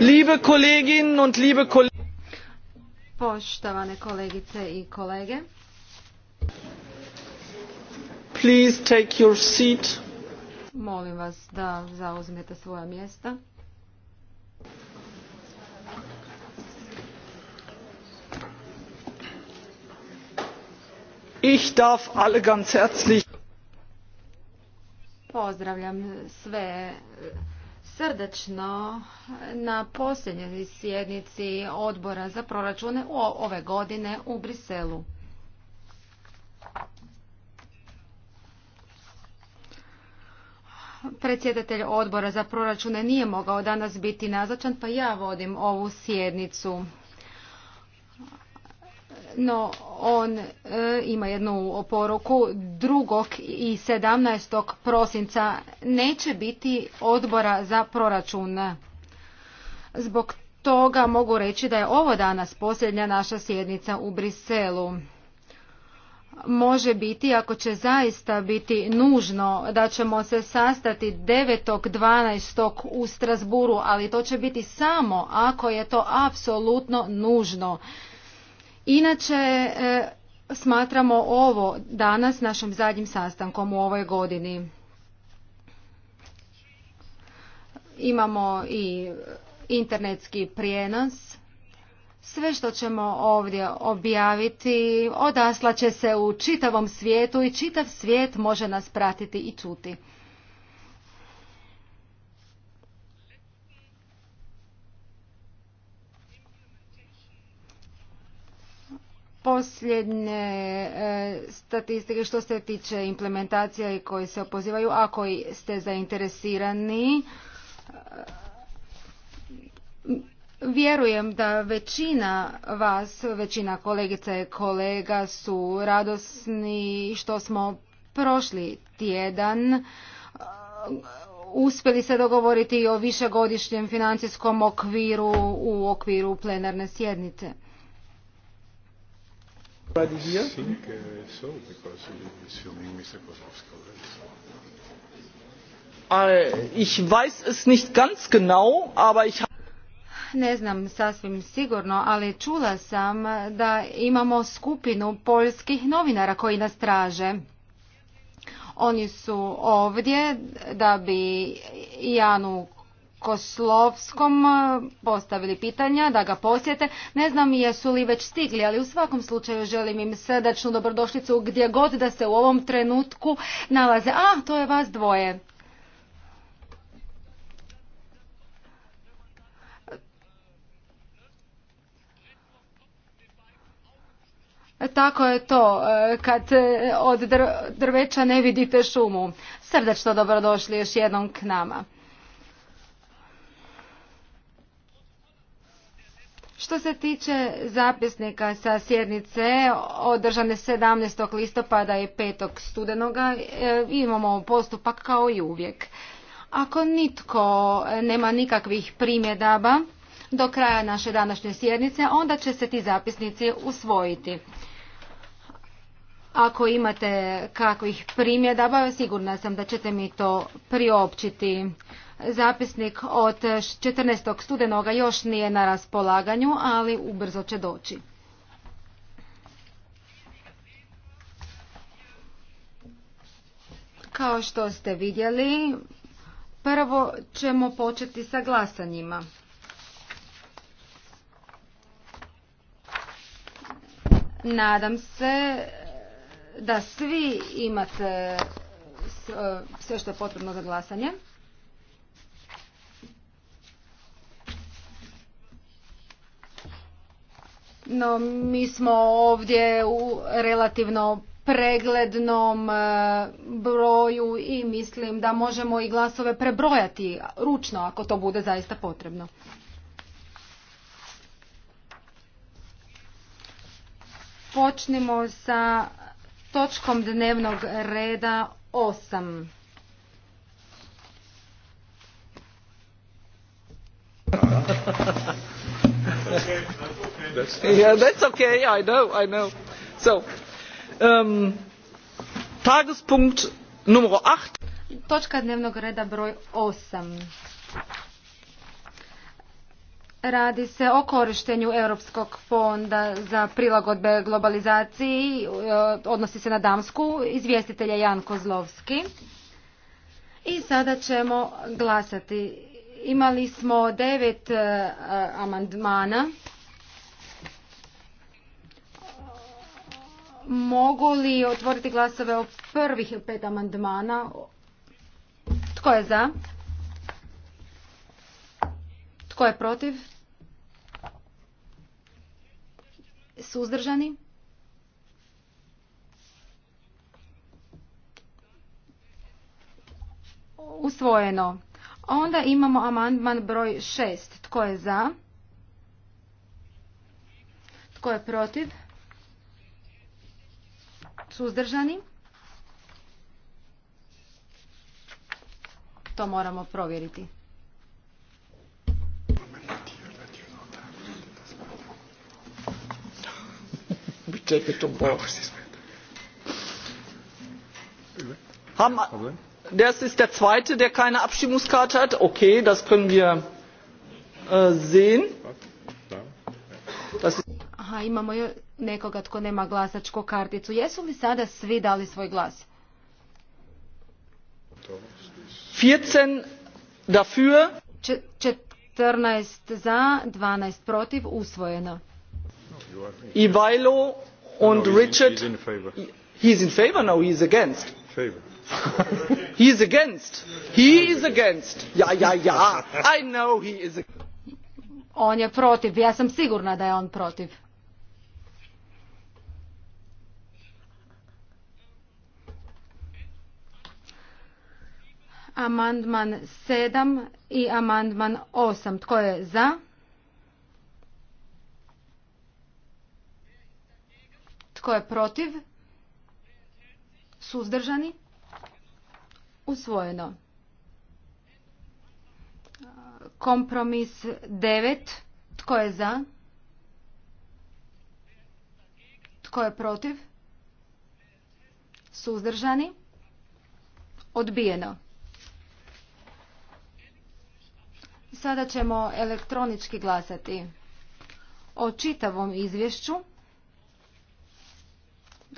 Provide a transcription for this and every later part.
Liebe Kolleginnen und liebe Kollegen. Poštovane kolegice i kolege. Please take your seat. Molim vas da zauzmete svoja mjesta. Ich darf alle ganz herzlich Pozdravljam sve srdačno na posljednjoj sjednici odbora za proračune ove godine u Briselu. Predsjedatelj odbora za proračune nije mogao danas biti nazočan, pa ja vodim ovu sjednicu no on e, ima jednu oporuku 2. i 17. prosinca neće biti odbora za proračun. Zbog toga mogu reći da je ovo danas posljednja naša sjednica u Briselu. Može biti, ako će zaista biti nužno, da ćemo se sastati 9.12. u Strasburu, ali to će biti samo ako je to apsolutno nužno. Inače, e, smatramo ovo danas našim zadnjim sastankom u ovoj godini. Imamo i internetski prijenos. Sve što ćemo ovdje objaviti odaslaće će se u čitavom svijetu i čitav svijet može nas pratiti i čuti. posljednje e, statistike što se tiče implementacija i koji se opozivaju, ako ste zainteresirani, e, Vjerujem da većina vas, većina kolegica i kolega su radosni što smo prošli tjedan e, uspjeli se dogovoriti o višegodišnjem financijskom okviru u okviru plenarne sjednice already here? I think uh, so, because you're assuming Mr. Kozlowski already saw. Ich weiß es nicht ganz genau, aber ich ne znam sasvim sigurno, ali čula sam da imamo skupinu poljskih novinara koji nas traže. Oni su ovdje da bi Janu Koslovskom e, postavili pitanja da ga posjete. Ne znam jesu li već stigli, ali u svakom slučaju želim im srdačnu dobrodošlicu gdje god da se u ovom trenutku nalaze. A, to je vas dvoje. Tako je to, e, kad e, od drveća ne vidite šumu. Srdačno dobrodošli još jednom k nama. Što se tiče zapisnika sa sjednice održane 17. listopada i 5. studenoga, e, imamo postupak kao i uvijek. Ako nitko nema nikakvih primjedaba do kraja naše današnje sjednice, onda će se ti zapisnici usvojiti. Ako imate kakvih primjedaba, sigurna sam da ćete mi to priopćiti. Zapisnik od 14. studenoga još nije na raspolaganju, ali ubrzo će doći. Kao što ste vidjeli, prvo ćemo početi sa glasanjima. Nadam se da svi imate sve što je potrebno za glasanje. No, mi smo ovdje u relativno preglednom e, broju i mislim da možemo i glasove prebrojati ručno ako to bude zaista potrebno. Počnimo sa točkom dnevnog reda 8. That's yeah, that's okay. I know, I know. So, um, Tagespunkt 8. Točka dnevnog reda broj 8. Radi se o korištenju Europskog fonda za prilagodbe globalizaciji, eh, odnosi se na Damsku, izvjestitelja Jan Kozlovski. I sada ćemo glasati. Imali smo devet eh, amandmana. mogu li otvoriti glasove o prvih pet amandmana? Tko je za? Tko je protiv? Suzdržani? Usvojeno. Onda imamo amandman broj šest. Tko je za? Tko je protiv? Suzdržani? To moramo provjeriti. Čekajte un poco. Das ist der zweite, der keine Abstimmungskarte hat. Okay, das können wir äh, sehen. Das ist Aha, imamo nekoga tko nema glasačku karticu. Jesu li sada svi dali svoj glas? 14 dafür. 14 za, 12 protiv, usvojeno. Ivajlo and Richard. He's in favor now, he's against. Favor. he is against. He is against. Ja, ja, ja. I know he is against. On je protiv. Ja sam sigurna da je on protiv. Amandman 7 i amandman 8. Tko je za? Tko je protiv? Suzdržani? Usvojeno. Kompromis 9. Tko je za? Tko je protiv? Suzdržani? Odbijeno. Sada ćemo elektronički glasati o čitavom izvješću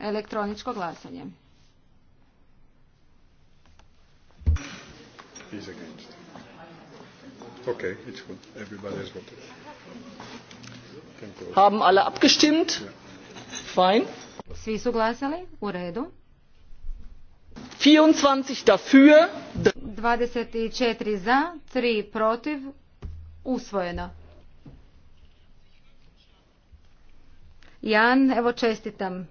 elektroničko glasanje. Okay, it's good. Everybody has voted. Haben alle abgestimmt? Fine. Svi su glasali? U redu. 24 dafür. 24 za, 3 protiv, usvojeno. Jan, evo čestitam.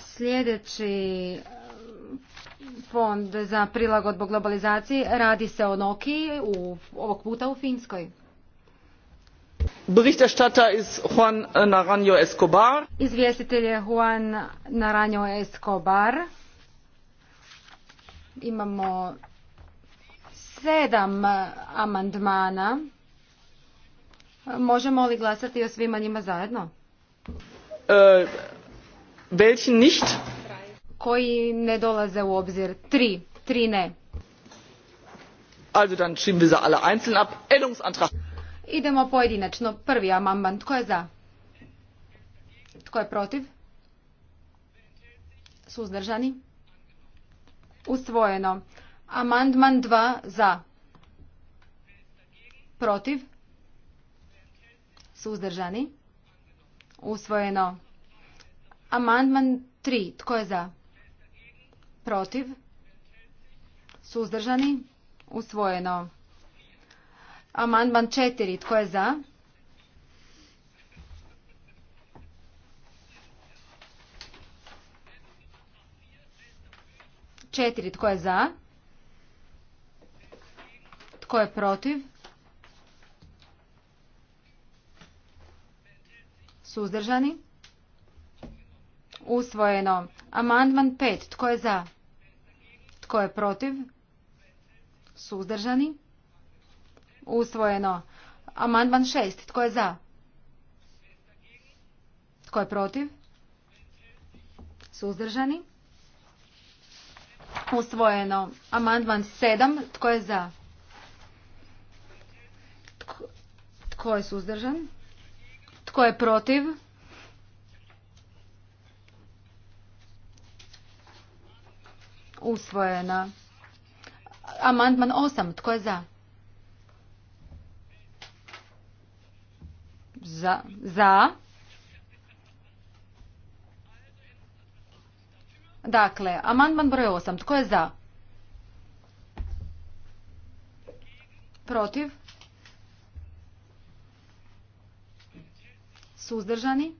Sljedeći fond za prilagodbu globalizaciji radi se o Noki u, ovog puta u Finskoj. Berichterstatter ist Juan Naranjo Escobar. Izvjestitelj je Juan Naranjo Escobar. Imamo sedam amandmana. Možemo li glasati o svima njima zajedno? welchen e, nicht? Koji ne dolaze u obzir. Tri. Tri ne. Also dann stimmen wir sie alle einzeln ab. Änderungsantrag Idemo pojedinačno. Prvi amandman. Tko je za? Tko je protiv? Suzdržani? Usvojeno. Amandman 2 za. Protiv? Suzdržani? Usvojeno. Amandman 3. Tko je za? Protiv? Suzdržani? Usvojeno. Amandman četiri, Tko je za? Četiri. Tko je za? Tko je protiv? Suzdržani? Usvojeno. Amandman pet, Tko je za? Tko je protiv? Suzdržani? Usvojeno. Amandman 6. Tko je za? Tko je protiv? Suzdržani. Usvojeno. Amandman 7. Tko je za? Tko, je suzdržan? Tko je protiv? Usvojeno. Amandman 8. Tko je za? za, Dakle, amandman broj 8. Tko je za? Protiv? Suzdržani?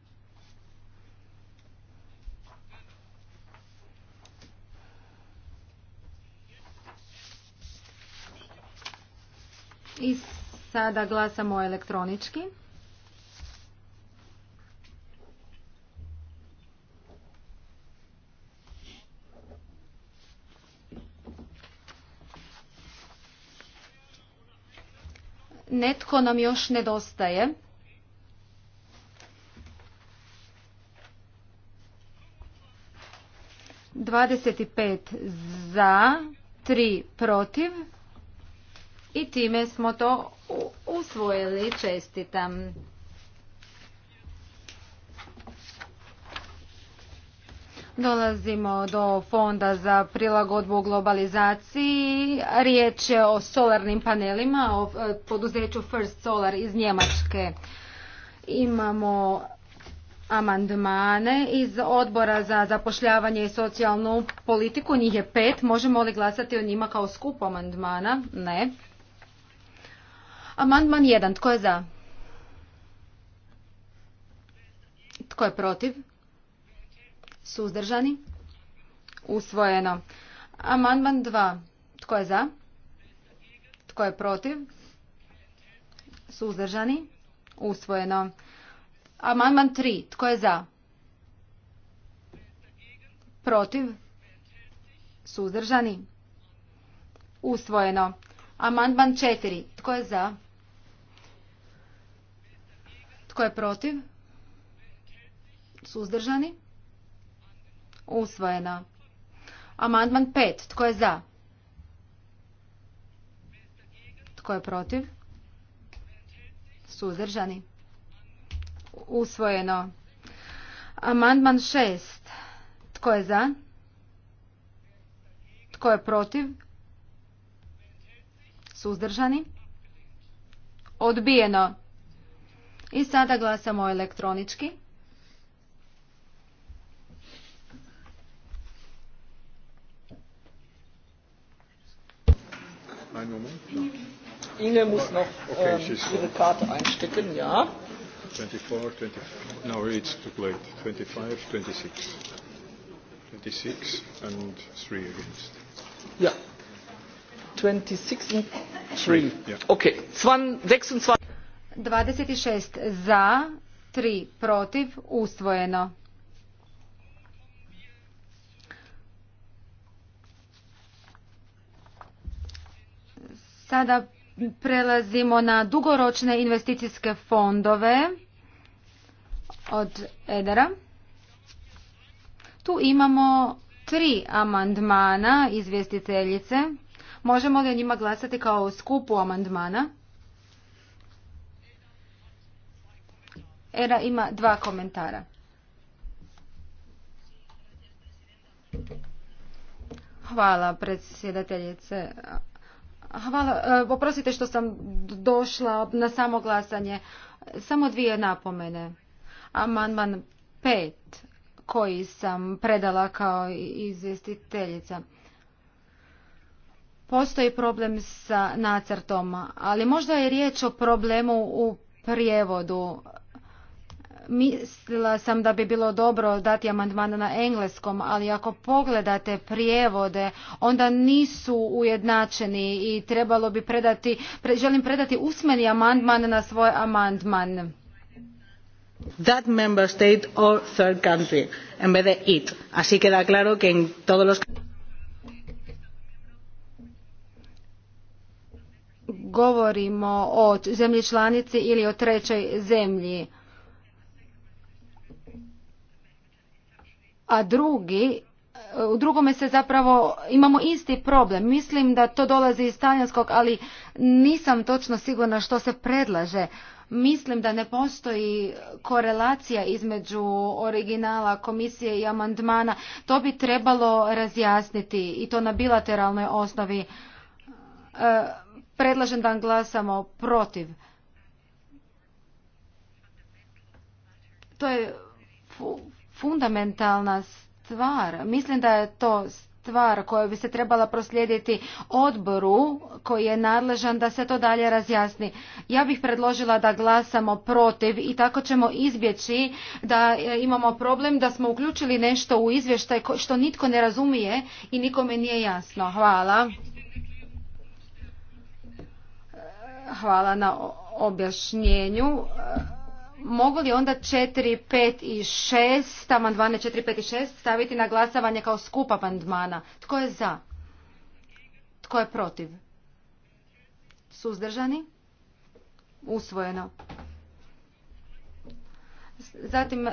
I sada glasamo elektronički. netko nam još nedostaje. Dvadeset pet za, tri protiv i time smo to usvojili. Čestitam. Dolazimo do fonda za prilagodbu globalizaciji. Riječ je o solarnim panelima, o e, poduzeću First Solar iz Njemačke. Imamo amandmane iz odbora za zapošljavanje i socijalnu politiku. Njih je pet. Možemo li glasati o njima kao skup amandmana? Ne. Amandman jedan. Tko je za? Tko je protiv? Suzdržani? Usvojeno. Amandman 2. Tko je za? Tko je protiv? Suzdržani? Usvojeno. Amandman 3. Tko je za? Protiv? Suzdržani? Usvojeno. Amandman 4. Tko je za? Tko je protiv? Suzdržani? Usvojeno. Amandman 5. Tko je za? Tko je protiv? Suzdržani. Usvojeno. Amandman 6. Tko je za? Tko je protiv? Suzdržani. Odbijeno. I sada glasamo elektronički. Einen Moment. Ja. Inge muss noch okay, ähm, ihre Karte einstecken, ja. 24, 20, no, it's too late. 25, 26. 26 and 3 against. Ja. 26 and 3. Ja. Okay. 26. 26 za, 3 protiv, usvojeno. Sada prelazimo na dugoročne investicijske fondove od Edera. Tu imamo tri amandmana izvjestiteljice. Možemo li o njima glasati kao skupu amandmana? Era ima dva komentara. Hvala predsjedateljice Hvala, Poprosite e, što sam došla na samoglasanje. Samo dvije napomene. Amandman pet koji sam predala kao izvjestiteljica. Postoji problem sa nacrtom, ali možda je riječ o problemu u prijevodu. Mislila sam da bi bilo dobro dati amandman na engleskom, ali ako pogledate prijevode, onda nisu ujednačeni i trebalo bi predati, želim predati usmeni amandman na svoj amandman. That member state or third country, it. Así claro que en todos los... Govorimo o zemlji članici ili o trećoj zemlji a drugi u drugome se zapravo imamo isti problem. Mislim da to dolazi iz talijanskog, ali nisam točno sigurna što se predlaže. Mislim da ne postoji korelacija između originala komisije i amandmana. To bi trebalo razjasniti i to na bilateralnoj osnovi. E, predlažem da glasamo protiv. To je fundamentalna stvar. Mislim da je to stvar koja bi se trebala proslijediti odboru koji je nadležan da se to dalje razjasni. Ja bih predložila da glasamo protiv i tako ćemo izbjeći da e, imamo problem da smo uključili nešto u izvještaj što nitko ne razumije i nikome nije jasno. Hvala. Hvala na objašnjenju mogu li onda 4, 5 i 6, amandmane 4, 5 i 6 staviti na glasavanje kao skup amandmana? Tko je za? Tko je protiv? Suzdržani? Usvojeno. Zatim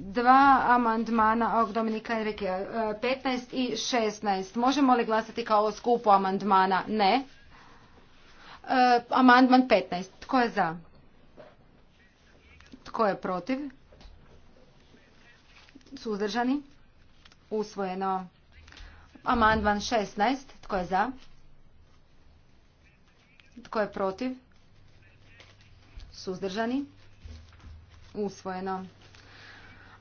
dva amandmana ovog Dominika Enrique, 15 e, i 16. Možemo li glasati kao skupu amandmana? Ne. E, amandman 15. Tko je za? Tko je protiv? Suzdržani? Usvojeno. Amandman 16. Tko je za? Tko je protiv? Suzdržani? Usvojeno.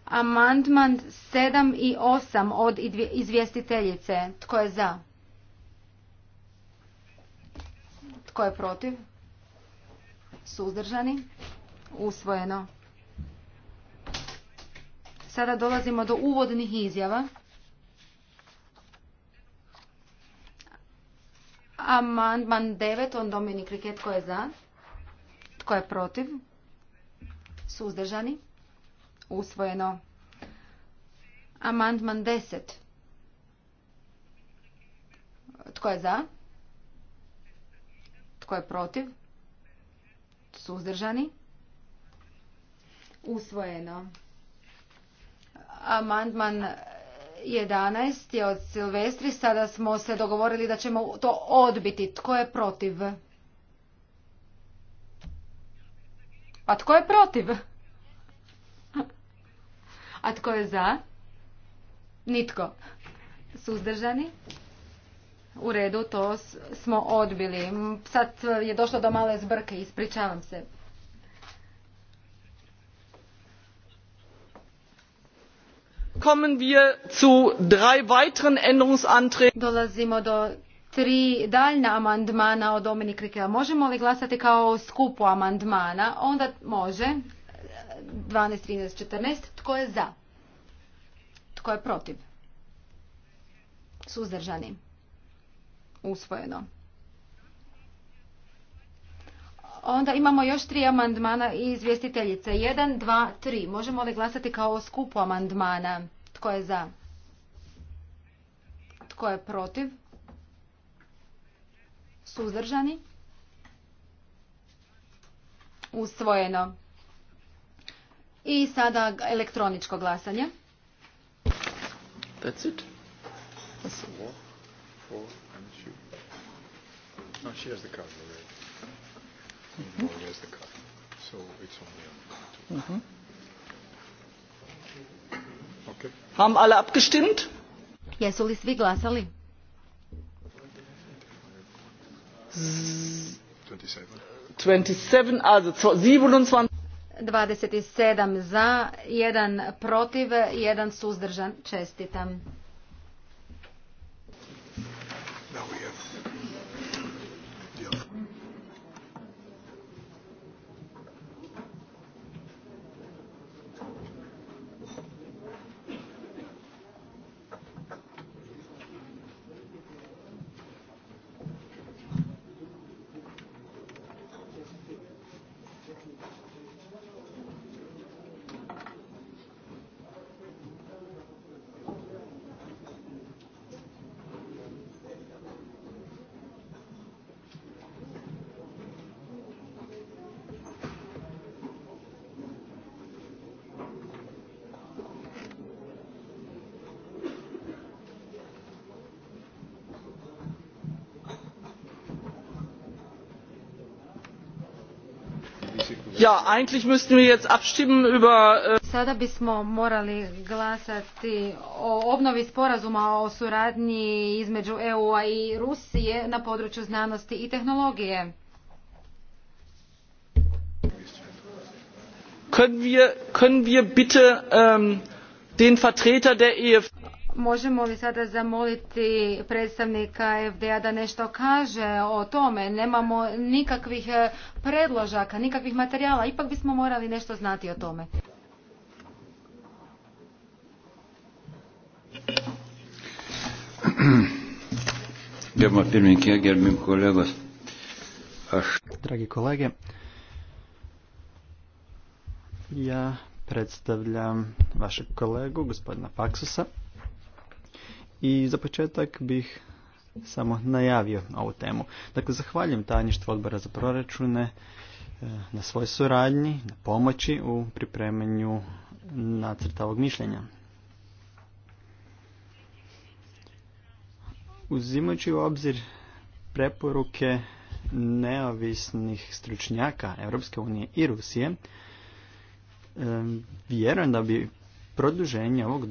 Amandman 7 i 8 od izvjestiteljice. Tko je za? Tko je protiv? Suzdržani? Usvojeno. Sada dolazimo do uvodnih izjava. Amandman 9, on Dominik Riket, tko je za? Tko je protiv? Suzdržani? Usvojeno. Amandman 10. Tko je za? Tko je protiv? Suzdržani? Usvojeno. Amandman 11 je od Silvestri. Sada smo se dogovorili da ćemo to odbiti. Tko je protiv? A pa tko je protiv? A tko je za? Nitko. Suzdržani? U redu, to smo odbili. Sad je došlo do male zbrke, ispričavam se. Dolazimo do tri daljna amandmana od Dominik Rikea. Možemo li glasati kao skupu amandmana? Onda može. 12, 13, 14. Tko je za? Tko je protiv? Suzdržani. Usvojeno. Onda imamo još tri amandmana i izvjestiteljice. Jedan, dva, tri. Možemo li glasati kao o skupu amandmana? Tko je za? Tko je protiv? Suzdržani? Usvojeno. I sada elektroničko glasanje. That's it. she has the card. Mm-hmm. So Mm -hmm. okay. Haben alle abgestimmt? Jesu li svi glasali? Z 27. 27, 27. 27 za, jedan protiv, jedan suzdržan. Čestitam. Ja, eigentlich müssten wir jetzt abstimmen über... Äh, Sada bismo morali glasati o obnovi sporazuma o suradnji između EU-a i Rusije na području znanosti i tehnologije. Können wir, können wir bitte um, den Vertreter der EF Možemo li sada zamoliti predstavnika FDA da nešto kaže o tome? Nemamo nikakvih e, predložaka, nikakvih materijala. Ipak bismo morali nešto znati o tome. Dragi kolege, ja predstavljam vašeg kolegu, gospodina Paksusa. I za početak bih samo najavio ovu temu. Dakle, zahvaljujem tajništvo odbora za proračune e, na svoj suradnji, na pomoći u pripremanju nacrta ovog mišljenja. Uzimajući u obzir preporuke neovisnih stručnjaka Europske unije i Rusije, e, vjerujem da bi produženje ovog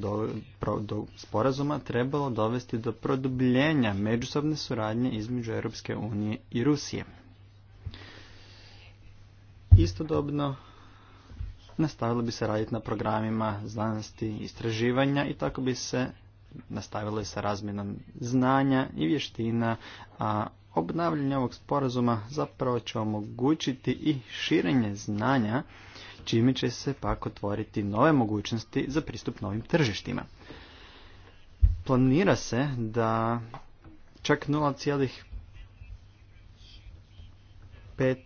sporazuma trebalo dovesti do produbljenja međusobne suradnje između Europske unije i Rusije. Istodobno nastavilo bi se raditi na programima znanosti i istraživanja i tako bi se nastavilo i sa razmjenom znanja i vještina, a obnavljanje ovog sporazuma zapravo će omogućiti i širenje znanja čime će se pak otvoriti nove mogućnosti za pristup novim tržištima. Planira se da čak 0,5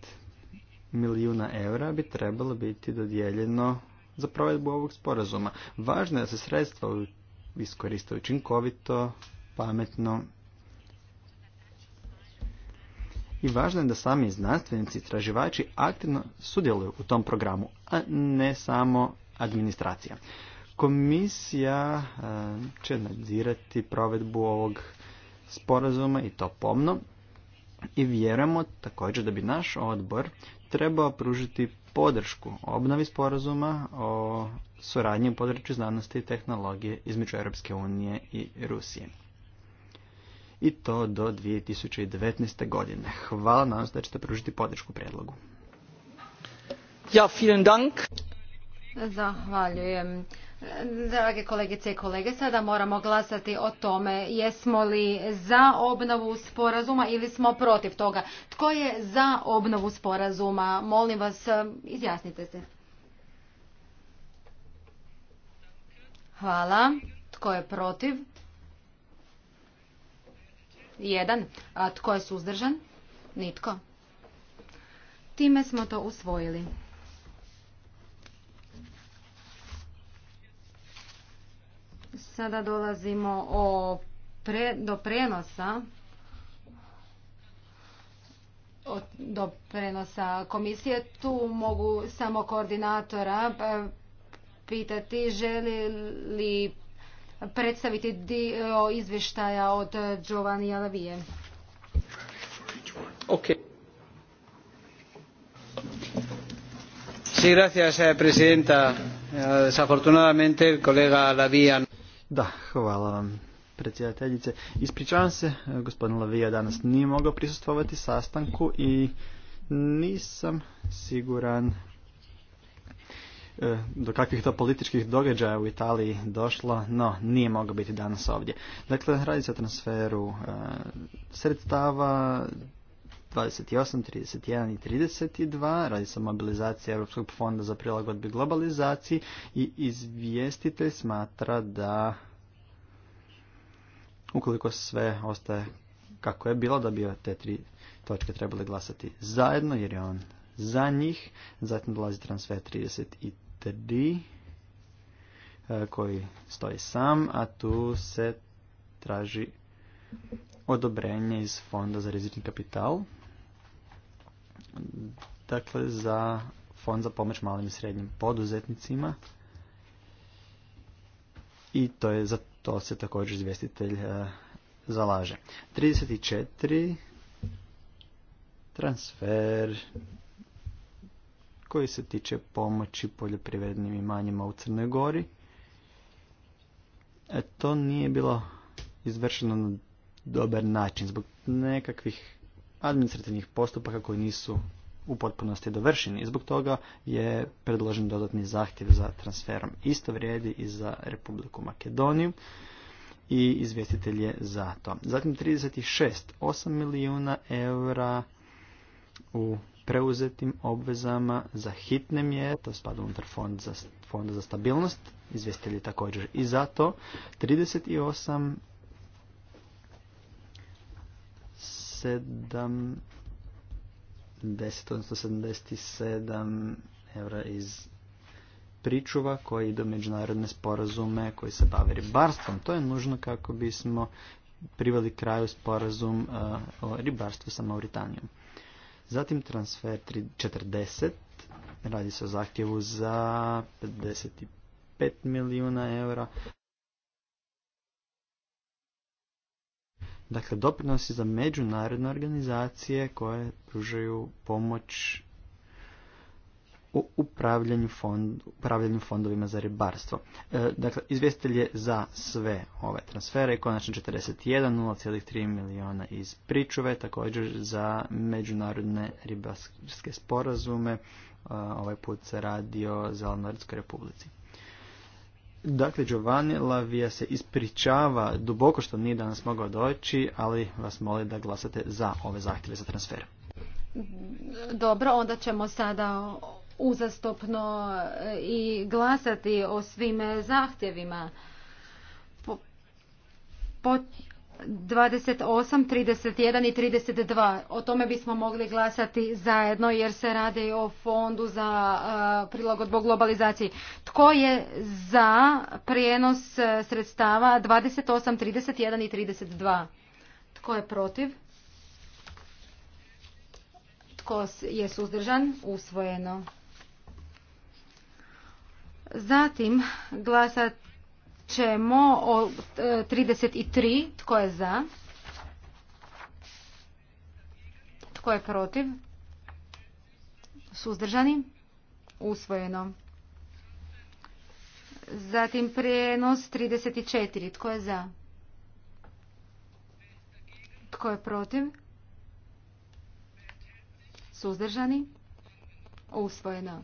milijuna eura bi trebalo biti dodijeljeno za provedbu ovog sporazuma. Važno je da se sredstva iskoriste učinkovito, pametno i važno je da sami znanstvenici, istraživači aktivno sudjeluju u tom programu, a ne samo administracija. Komisija e, će nadzirati provedbu ovog sporazuma i to pomno i vjerujemo također da bi naš odbor trebao pružiti podršku obnovi sporazuma o suradnji u području znanosti i tehnologije između Europske unije i Rusije i to do 2019. godine. Hvala, nam da ćete pružiti podršku predlogu. Ja, vielen dank. Zahvaljujem. Drage kolegice i kolege, sada moramo glasati o tome jesmo li za obnovu sporazuma ili smo protiv toga. Tko je za obnovu sporazuma? Molim vas, izjasnite se. Hvala. Tko je protiv? Jedan. A tko je suzdržan? Nitko. Time smo to usvojili. Sada dolazimo o pre, do prenosa do prenosa komisije. Tu mogu samo koordinatora e, pitati želi li predstaviti dio izvještaja od Giovanni Alavije. Ok. Sí, gracias, eh, presidenta. Eh, desafortunadamente, el colega lavijan Da, hvala vam, predsjedateljice. Ispričavam se, eh, gospodin Lavija danas nije mogao prisustvovati sastanku i nisam siguran E, do kakvih to političkih događaja u Italiji došlo, no nije mogao biti danas ovdje. Dakle, radi se o transferu e, sredstava 28, 31 i 32, radi se o mobilizaciji Europskog fonda za prilagodbi globalizaciji i izvjestitelj smatra da ukoliko sve ostaje kako je bilo, da bi te tri točke trebali glasati zajedno jer je on za njih. Zatim dolazi transfer 33 D e, koji stoji sam, a tu se traži odobrenje iz Fonda za rizični kapital. Dakle, za Fond za pomoć malim i srednjim poduzetnicima. I to je za to se također izvjestitelj e, zalaže. 34 transfer koji se tiče pomoći poljoprivrednim imanjima u Crnoj Gori. E, to nije bilo izvršeno na dobar način zbog nekakvih administrativnih postupaka koji nisu u potpunosti dovršeni. zbog toga je predložen dodatni zahtjev za transferom. Isto vrijedi i za Republiku Makedoniju i izvjestitelj je za to. Zatim 36, 8 milijuna eura u preuzetim obvezama za hitne mjere, to spada unutar fond za, fonda za stabilnost, izvestili također i zato, 38 7 eura iz pričuva koji idu međunarodne sporazume koji se bave ribarstvom. To je nužno kako bismo priveli kraju sporazum eh, o ribarstvu sa Mauritanijom. Zatim transfer 40, radi se o zahtjevu za 55 milijuna eura. Dakle, doprinosi za međunarodne organizacije koje pružaju pomoć o upravljanju, fond, upravljanju fondovima za ribarstvo. E, dakle, izvjestitelj je za sve ove transfere konačno 41, 0,3 milijuna iz pričuve, također za međunarodne ribarske sporazume, e, ovaj put se radi o Zelenordskoj republici. Dakle, Giovanni Lavija se ispričava duboko što nije danas mogao doći, ali vas moli da glasate za ove zahtjeve za transfer. Dobro, onda ćemo sada uzastopno e, i glasati o svim zahtjevima. 28, 31 i 32. O tome bismo mogli glasati zajedno jer se radi o fondu za e, prilagodbu globalizaciji. Tko je za prijenos e, sredstava 28, 31 i 32? Tko je protiv? Tko je suzdržan? Usvojeno. Zatim glasat ćemo o 33. E, Tko je za? Tko je protiv? Suzdržani? Usvojeno. Zatim prijenos 34. Tko je za? Tko je protiv? Suzdržani? Usvojeno.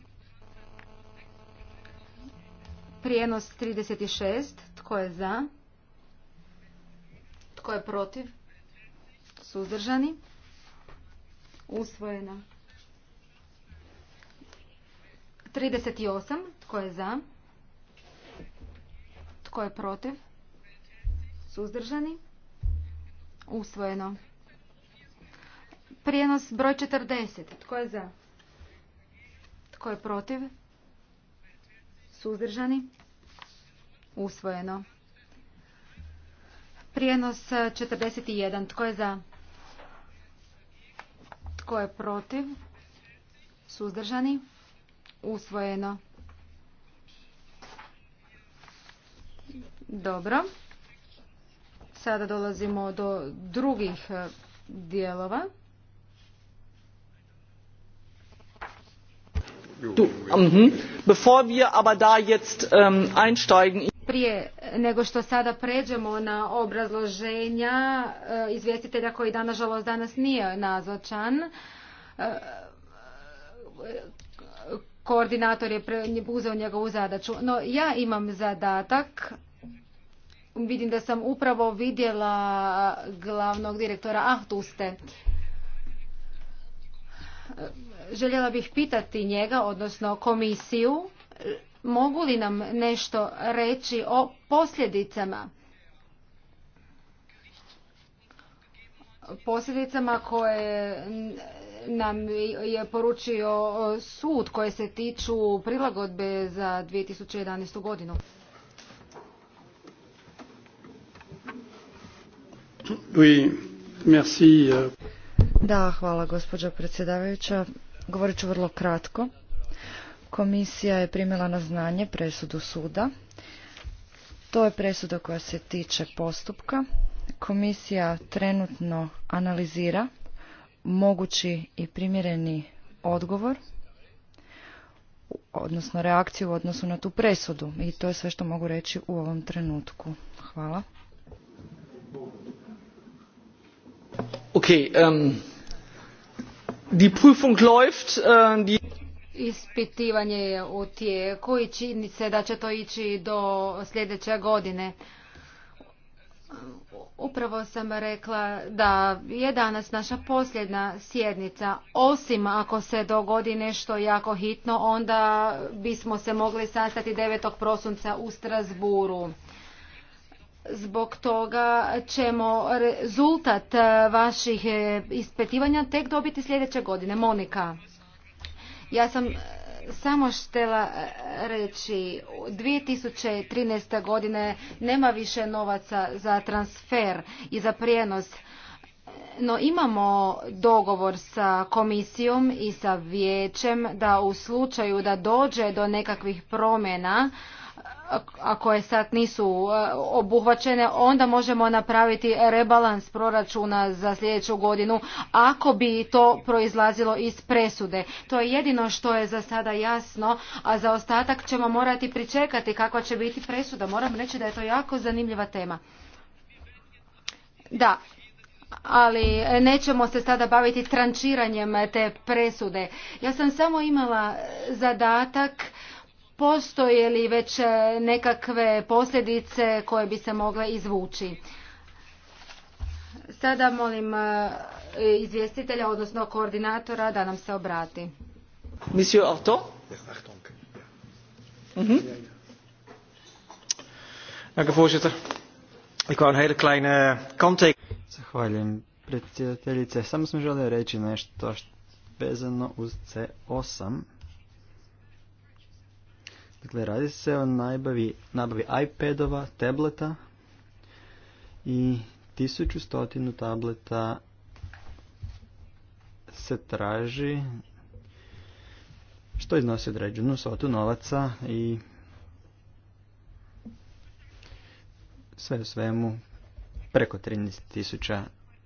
Prijenos 36. Tko je za? Tko je protiv? Suzdržani? Usvojena. 38. Tko je za? Tko je protiv? Suzdržani? Usvojeno. Prijenos broj 40. Tko je za? Tko je protiv? Suzdržani? Usvojeno. Prijenos 41. Tko je za? Tko je protiv? Suzdržani? Usvojeno. Dobro. Sada dolazimo do drugih dijelova. Mhm. Ähm, prije nego što sada pređemo na obrazloženja eh, izvjestitelja koji danas danas nije nazočan eh, koordinator je uzeo njegovu zadaću no ja imam zadatak vidim da sam upravo vidjela glavnog direktora ah tu ste željela bih pitati njega, odnosno komisiju, mogu li nam nešto reći o posljedicama? Posljedicama koje nam je poručio sud koje se tiču prilagodbe za 2011. godinu. Oui, merci. Euh, da, hvala gospođo predsjedavajuća. Govorit ću vrlo kratko. Komisija je primila na znanje presudu suda. To je presuda koja se tiče postupka. Komisija trenutno analizira mogući i primjereni odgovor, odnosno reakciju u odnosu na tu presudu. I to je sve što mogu reći u ovom trenutku. Hvala. Die Prüfung äh, Ispitivanje je u tijeku i čini se da će to ići do sljedeće godine. Upravo sam rekla da je danas naša posljedna sjednica. Osim ako se dogodi nešto jako hitno, onda bismo se mogli sastati 9. prosinca u Strasburu. Zbog toga ćemo rezultat eh, vaših eh, ispitivanja tek dobiti sljedeće godine. Monika, ja sam eh, samo štela reći, 2013. godine nema više novaca za transfer i za prijenos. No imamo dogovor sa komisijom i sa vijećem da u slučaju da dođe do nekakvih promjena ako koje sad nisu e, obuhvaćene, onda možemo napraviti rebalans proračuna za sljedeću godinu ako bi to proizlazilo iz presude. To je jedino što je za sada jasno, a za ostatak ćemo morati pričekati kakva će biti presuda. Moram reći da je to jako zanimljiva tema. Da, ali nećemo se sada baviti trančiranjem te presude. Ja sam samo imala zadatak postoje li već e, nekakve posljedice koje bi se mogle izvući. Sada molim e, izvjestitelja, odnosno koordinatora, da nam se obrati. Monsieur Arton? Mhm. Dank u voorzitter. Ik wou een hele kleine eh, kanttekening. Zahvaljujem predsjedateljice. Samo sam želio reći nešto vezano uz C8. Dakle, radi se o najbavi, nabavi iPadova, tableta i 1100 tableta se traži što iznosi određenu sotu novaca i sve u svemu preko 13.000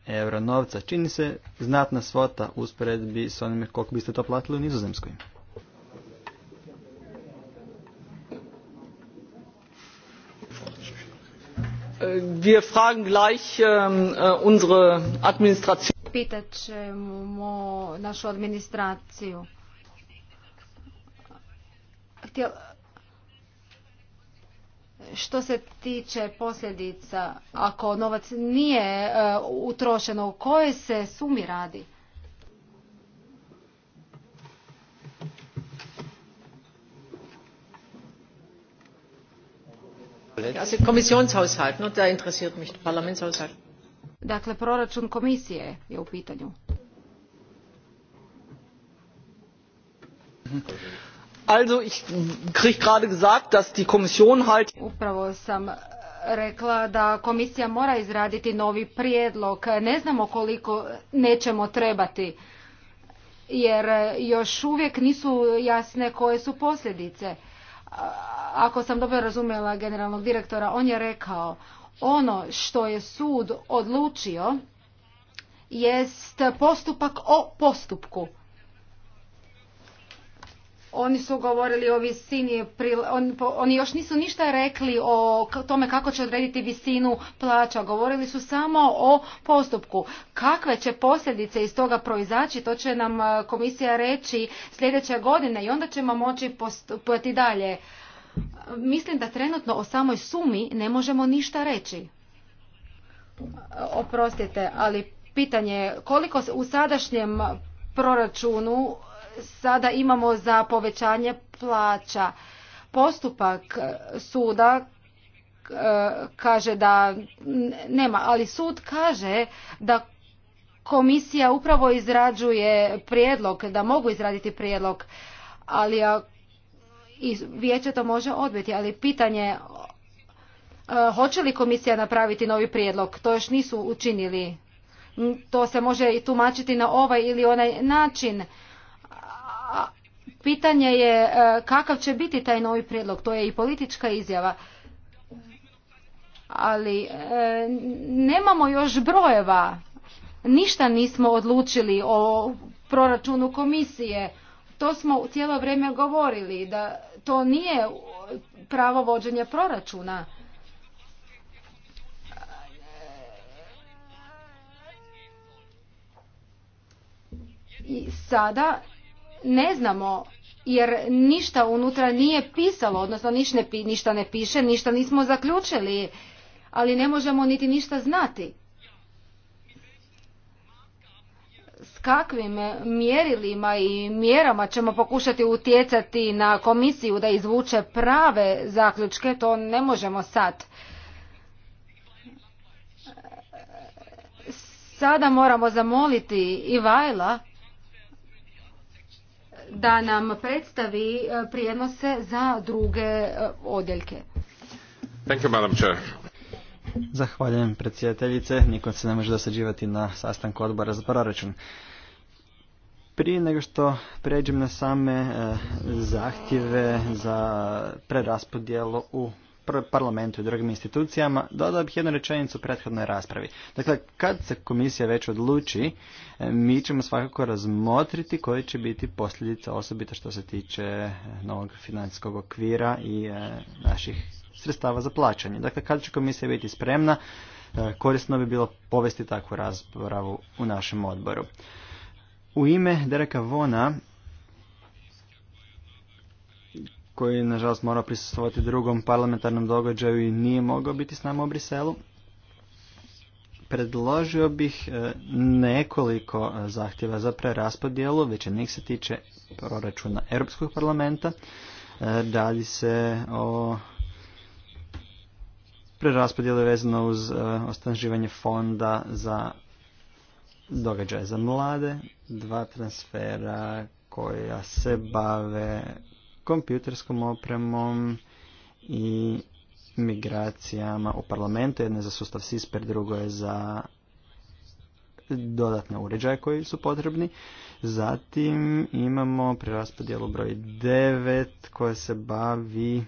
euro novca. Čini se znatna svota usporedbi s onime koliko biste to platili u nizozemskoj. wir fragen gleich ähm, äh, pitat ćemo našu administraciju što se tiče posljedica ako novac nije e, utrošen o kojoj se sumi radi Kommissionshaushalt, da interessiert mich Parlamentshaushalt. Dakle, proračun komisije je u pitanju. Also, ich krieg gerade gesagt, dass die Kommission halt... Upravo sam rekla da komisija mora izraditi novi prijedlog. Ne znamo koliko nećemo trebati jer još uvijek nisu jasne koje su posljedice ako sam dobro razumjela generalnog direktora, on je rekao ono što je sud odlučio jest postupak o postupku. Oni su govorili o visini, oni još nisu ništa rekli o tome kako će odrediti visinu plaća, govorili su samo o postupku. Kakve će posljedice iz toga proizaći, to će nam e, komisija reći sljedeće godine i onda ćemo moći postupati dalje mislim da trenutno o samoj sumi ne možemo ništa reći. Oprostite, ali pitanje je koliko u sadašnjem proračunu sada imamo za povećanje plaća. Postupak suda e, kaže da nema, ali sud kaže da komisija upravo izrađuje prijedlog, da mogu izraditi prijedlog, ali ako i vijeće to može odbiti, ali pitanje e, hoće li komisija napraviti novi prijedlog, to još nisu učinili. To se može i tumačiti na ovaj ili onaj način. Pitanje je e, kakav će biti taj novi prijedlog, to je i politička izjava. Ali e, nemamo još brojeva, ništa nismo odlučili o proračunu komisije. To smo cijelo vrijeme govorili, da to nije pravo vođenje proračuna. I sada ne znamo jer ništa unutra nije pisalo, odnosno ništa ne piše, ništa nismo zaključili, ali ne možemo niti ništa znati. s kakvim mjerilima i mjerama ćemo pokušati utjecati na komisiju da izvuče prave zaključke, to ne možemo sad. Sada moramo zamoliti i Ivajla da nam predstavi prijednose za druge odjeljke. Zahvaljujem predsjedateljice. Niko se ne može dosađivati na sastanku odbora za proračun. Prije nego što pređem na same e, zahtjeve za preraspodjelu u parlamentu i drugim institucijama, dodao bih jednu rečenicu u prethodnoj raspravi. Dakle, kad se komisija već odluči, e, mi ćemo svakako razmotriti koje će biti posljedice osobito što se tiče e, novog financijskog okvira i naših sredstava za plaćanje. Dakle, kada će komisija biti spremna, e, korisno bi bilo povesti takvu raspravu u našem odboru. U ime Dereka Vona, koji je nažalost morao prisustvovati drugom parlamentarnom događaju i nije mogao biti s nama u Briselu, predložio bih e, nekoliko e, zahtjeva za preraspodjelu, već se tiče proračuna Europskog parlamenta. Radi se o preraspodjele vezano uz e, ostanživanje fonda za događaje za mlade, dva transfera koja se bave kompjuterskom opremom i migracijama u parlamentu. Jedna je za sustav SISPER, drugo je za dodatne uređaje koji su potrebni. Zatim imamo preraspodjelu broj 9 koja se bavi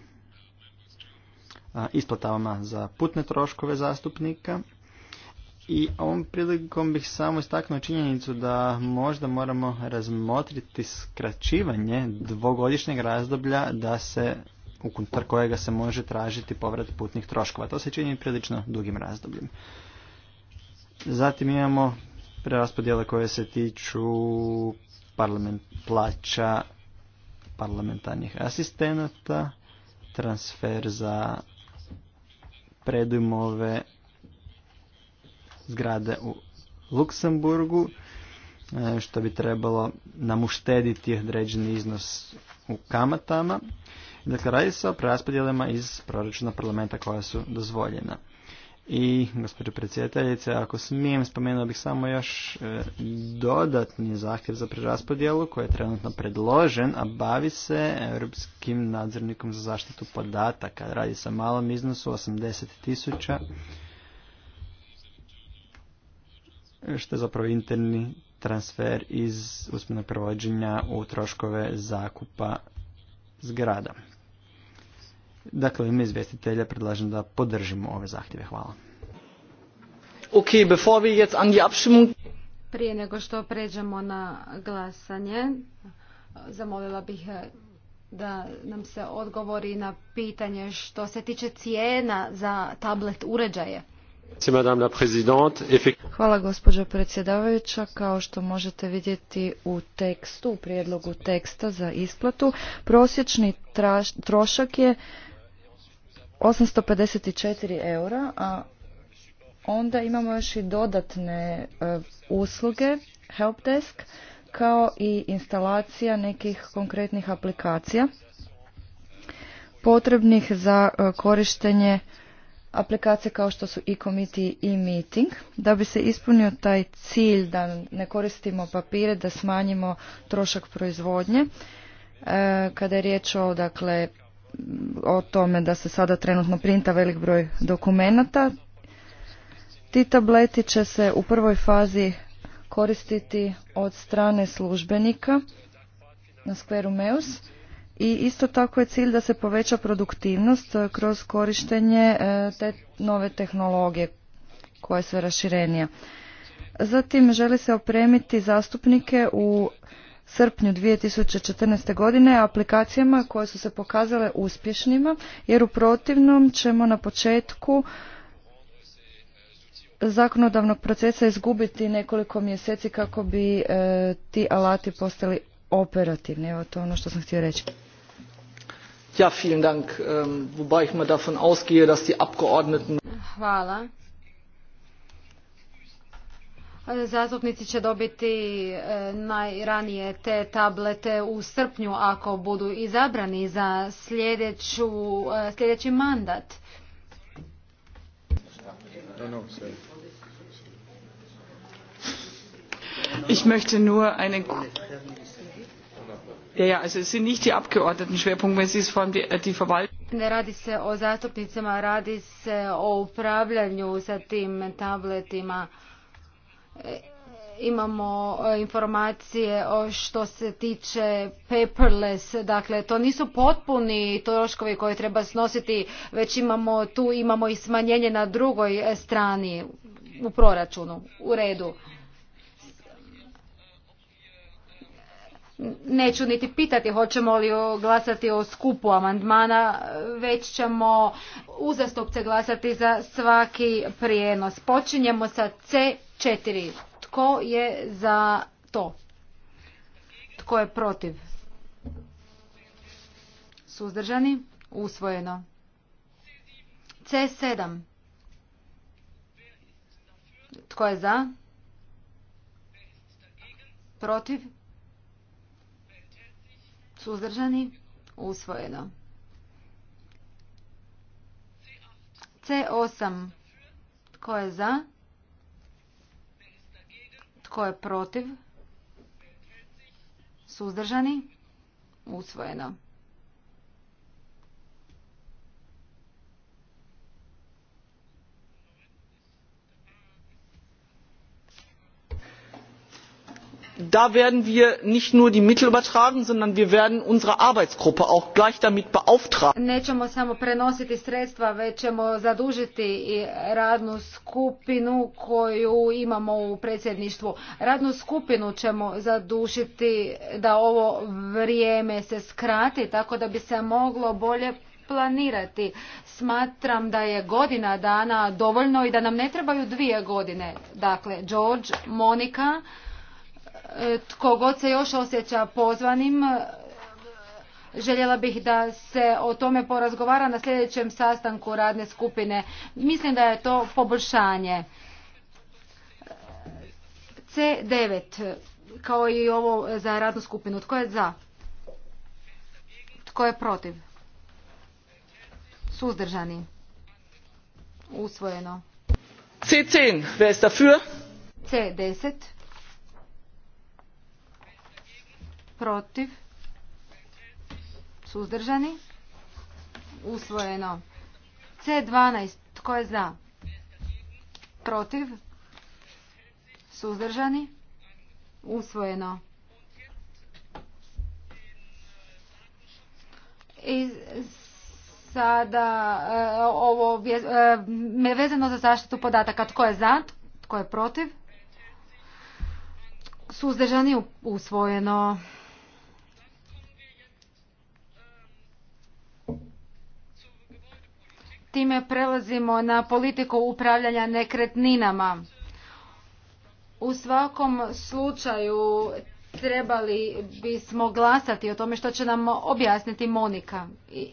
isplatavama za putne troškove zastupnika. I ovom prilikom bih samo istaknuo činjenicu da možda moramo razmotriti skraćivanje dvogodišnjeg razdoblja da se unutar kojega se može tražiti povrat putnih troškova. To se čini prilično dugim razdobljem. Zatim imamo preraspodjele koje se tiču parlament, plaća parlamentarnih asistenata, transfer za predujmove zgrade u Luksemburgu, e, što bi trebalo nam uštediti određeni iznos u kamatama. Dakle, radi se o preraspodjelama iz proračuna parlamenta koja su dozvoljena. I, gospođo predsjedateljice, ako smijem, spomenuo bih samo još e, dodatni zahtjev za preraspodjelu koji je trenutno predložen, a bavi se Europskim nadzornikom za zaštitu podataka. Radi se o malom iznosu 80 tisuća, što je zapravo interni transfer iz usmenog provođenja u troškove zakupa zgrada. Dakle, ime izvjestitelja predlažem da podržimo ove zahtjeve. Hvala. Ok, Abstimmung... Prije nego što pređemo na glasanje, zamolila bih eh, da nam se odgovori na pitanje što se tiče cijena za tablet uređaje. Hvala gospođo predsjedavajuća. Kao što možete vidjeti u tekstu, u prijedlogu teksta za isplatu, prosječni trošak je 854 eura, a onda imamo još i dodatne e, usluge helpdesk kao i instalacija nekih konkretnih aplikacija potrebnih za e, korištenje aplikacije kao što su e-committee i meeting da bi se ispunio taj cilj da ne koristimo papire da smanjimo trošak proizvodnje e, kada je riječ o dakle o tome da se sada trenutno printa velik broj dokumenata. Ti tableti će se u prvoj fazi koristiti od strane službenika na skveru Meus i isto tako je cilj da se poveća produktivnost eh, kroz korištenje eh, te nove tehnologije koja su sve Zatim želi se opremiti zastupnike u srpnju 2014. godine aplikacijama koje su se pokazale uspješnima jer u protivnom ćemo na početku zakonodavnog procesa izgubiti nekoliko mjeseci kako bi e, ti alati postali operativni. Evo to ono što sam htio reći. Ja, vielen Dank. Um, wobei ich mal davon ausgehe, dass die Abgeordneten... Hvala. Zastupnici će dobiti e, najranije te tablete u srpnju ako budu izabrani za sljedeću, e, sljedeći mandat. Ich möchte nur eine ja, ja, also es sind nicht die Abgeordneten-Schwerpunkt, sie es ist vor allem die, die Verwaltung. Ne radi se o zastupnicima, radi se o upravljanju sa tim tabletima imamo e, informacije o što se tiče paperless, dakle to nisu potpuni troškovi koje treba snositi, već imamo tu imamo i smanjenje na drugoj strani u proračunu, u redu. Neću niti pitati hoćemo li glasati o skupu amandmana, već ćemo uzastopce glasati za svaki prijenos. Počinjemo sa C Četiri. Tko je za to? Tko je protiv? Suzdržani? Usvojeno. C7. Tko je za? Protiv? Suzdržani? Usvojeno. C8. Tko je za? Tko je protiv? Suzdržani? Usvojeno. da werden wir nicht nur die mittel übertragen sondern wir werden nećemo samo prenositi sredstva već ćemo zadužiti i radnu skupinu koju imamo u predsjedništvu radnu skupinu ćemo zadužiti da ovo vrijeme se skrati tako da bi se moglo bolje planirati. Smatram da je godina dana dovoljno i da nam ne trebaju dvije godine. Dakle, George, Monika, tko god se još osjeća pozvanim e, željela bih da se o tome porazgovara na sljedećem sastanku radne skupine mislim da je to poboljšanje C9 kao i ovo za radnu skupinu tko je za tko je protiv suzdržani usvojeno C10 wer ist C10 protiv, suzdržani, usvojeno. C12, tko je za, protiv, suzdržani, usvojeno. I sada e, ovo je e, vezano za zaštitu podataka. Tko je za, tko je protiv? Suzdržani usvojeno. time prelazimo na politiku upravljanja nekretninama. U svakom slučaju trebali bismo glasati o tome što će nam objasniti Monika. E,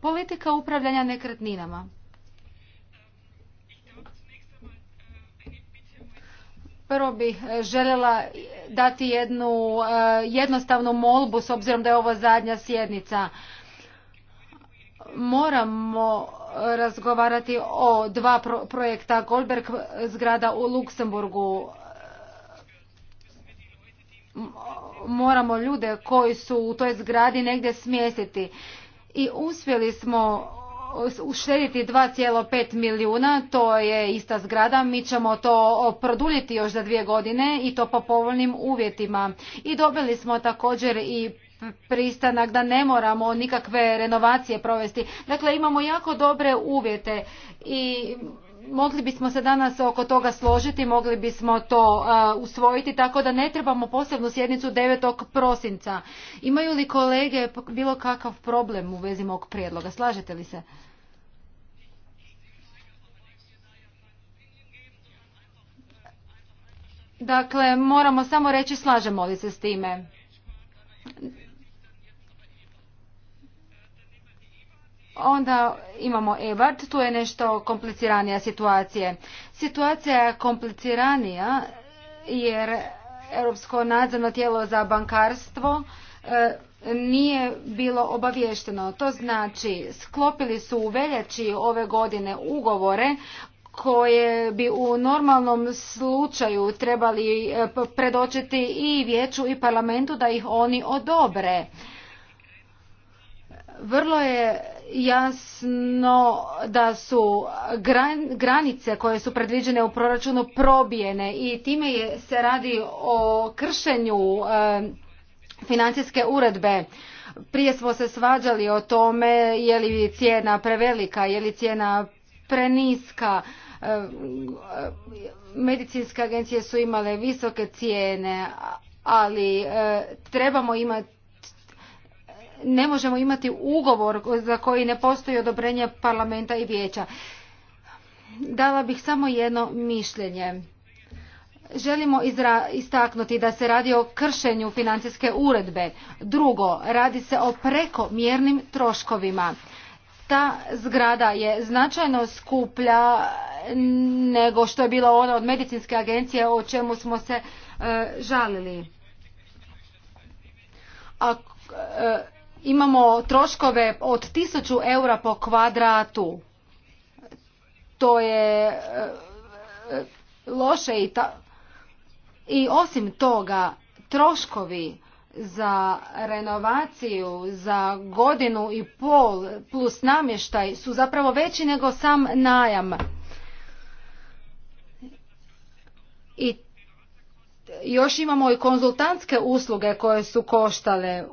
politika upravljanja nekretninama. Prvo bih željela dati jednu e, jednostavnu molbu s obzirom da je ovo zadnja sjednica moramo razgovarati o dva projekta Goldberg zgrada u Luksemburgu moramo ljude koji su u toj zgradi negdje smjestiti i uspjeli smo uštediti 2,5 milijuna, to je ista zgrada, mi ćemo to produljiti još za dvije godine i to po povoljnim uvjetima. I dobili smo također i pristanak da ne moramo nikakve renovacije provesti. Dakle, imamo jako dobre uvjete i mogli bismo se danas oko toga složiti, mogli bismo to usvojiti, tako da ne trebamo posebnu sjednicu 9. prosinca. Imaju li kolege bilo kakav problem u vezi mog prijedloga? Slažete li se? Dakle, moramo samo reći slažemo li se s time. Onda imamo EBARD, tu je nešto kompliciranija situacija. Situacija je kompliciranija jer Europsko nadzorno tijelo za bankarstvo e, nije bilo obavješteno. To znači sklopili su u veljači ove godine ugovore koje bi u normalnom slučaju trebali e, predočiti i vijeću i parlamentu da ih oni odobre. Vrlo je jasno da su granice koje su predviđene u proračunu probijene i time se radi o kršenju financijske uredbe. Prije smo se svađali o tome je li cijena prevelika, je li cijena preniska. Medicinske agencije su imale visoke cijene, ali trebamo imati ne možemo imati ugovor za koji ne postoji odobrenje parlamenta i vijeća. Dala bih samo jedno mišljenje. Želimo istaknuti da se radi o kršenju financijske uredbe. Drugo, radi se o prekomjernim troškovima. Ta zgrada je značajno skuplja nego što je bilo ona od medicinske agencije o čemu smo se e, žalili. A, imamo troškove od 1000 eura po kvadratu. To je e, e, loše i, i osim toga troškovi za renovaciju za godinu i pol plus namještaj su zapravo veći nego sam najam. I još imamo i konzultantske usluge koje su koštale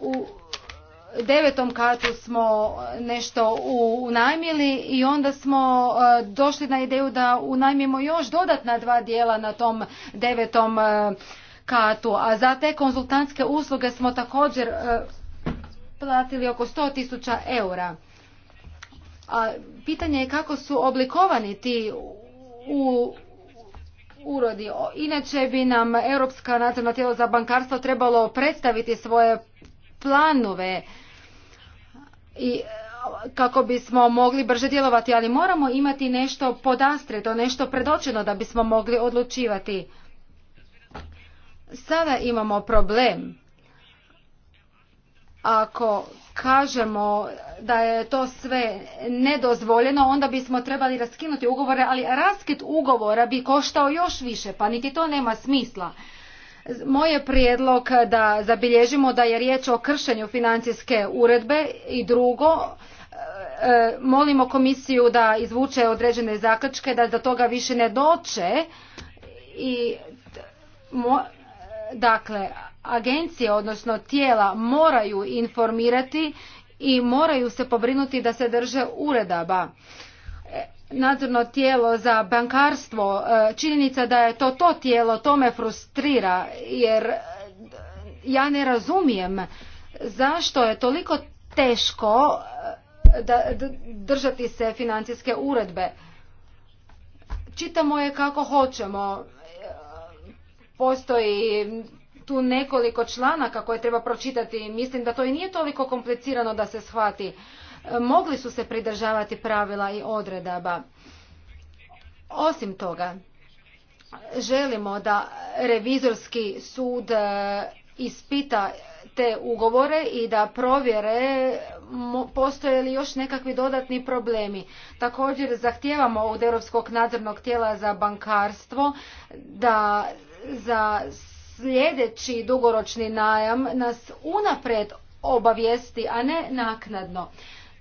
u devetom katu smo nešto unajmili i onda smo e, došli na ideju da unajmimo još dodatna dva dijela na tom devetom e, katu, a za te konzultantske usluge smo također e, platili oko 100.000 eura. A pitanje je kako su oblikovani ti u urodi. Inače bi nam Europska nacionalna tijela za bankarstvo trebalo predstaviti svoje planove i kako bismo mogli brže djelovati, ali moramo imati nešto podastreto, nešto predočeno da bismo mogli odlučivati. Sada imamo problem. Ako kažemo da je to sve nedozvoljeno, onda bismo trebali raskinuti ugovore, ali raskid ugovora bi koštao još više, pa niti to nema smisla. Moj je prijedlog da zabilježimo da je riječ o kršenju financijske uredbe i drugo, e, molimo komisiju da izvuče određene zaključke da do toga više ne doće i dakle agencije odnosno tijela moraju informirati i moraju se pobrinuti da se drže uredaba nadzorno tijelo za bankarstvo, e, činjenica da je to to tijelo, to me frustrira jer e, ja ne razumijem zašto je toliko teško e, da držati se financijske uredbe. Čitamo je kako hoćemo. Postoji tu nekoliko članaka koje treba pročitati. Mislim da to i nije toliko komplicirano da se shvati mogli su se pridržavati pravila i odredaba. Osim toga, želimo da revizorski sud e, ispita te ugovore i da provjere postoje li još nekakvi dodatni problemi. Također zahtijevamo od Europskog nadzornog tijela za bankarstvo da za sljedeći dugoročni najam nas unapred obavijesti, a ne naknadno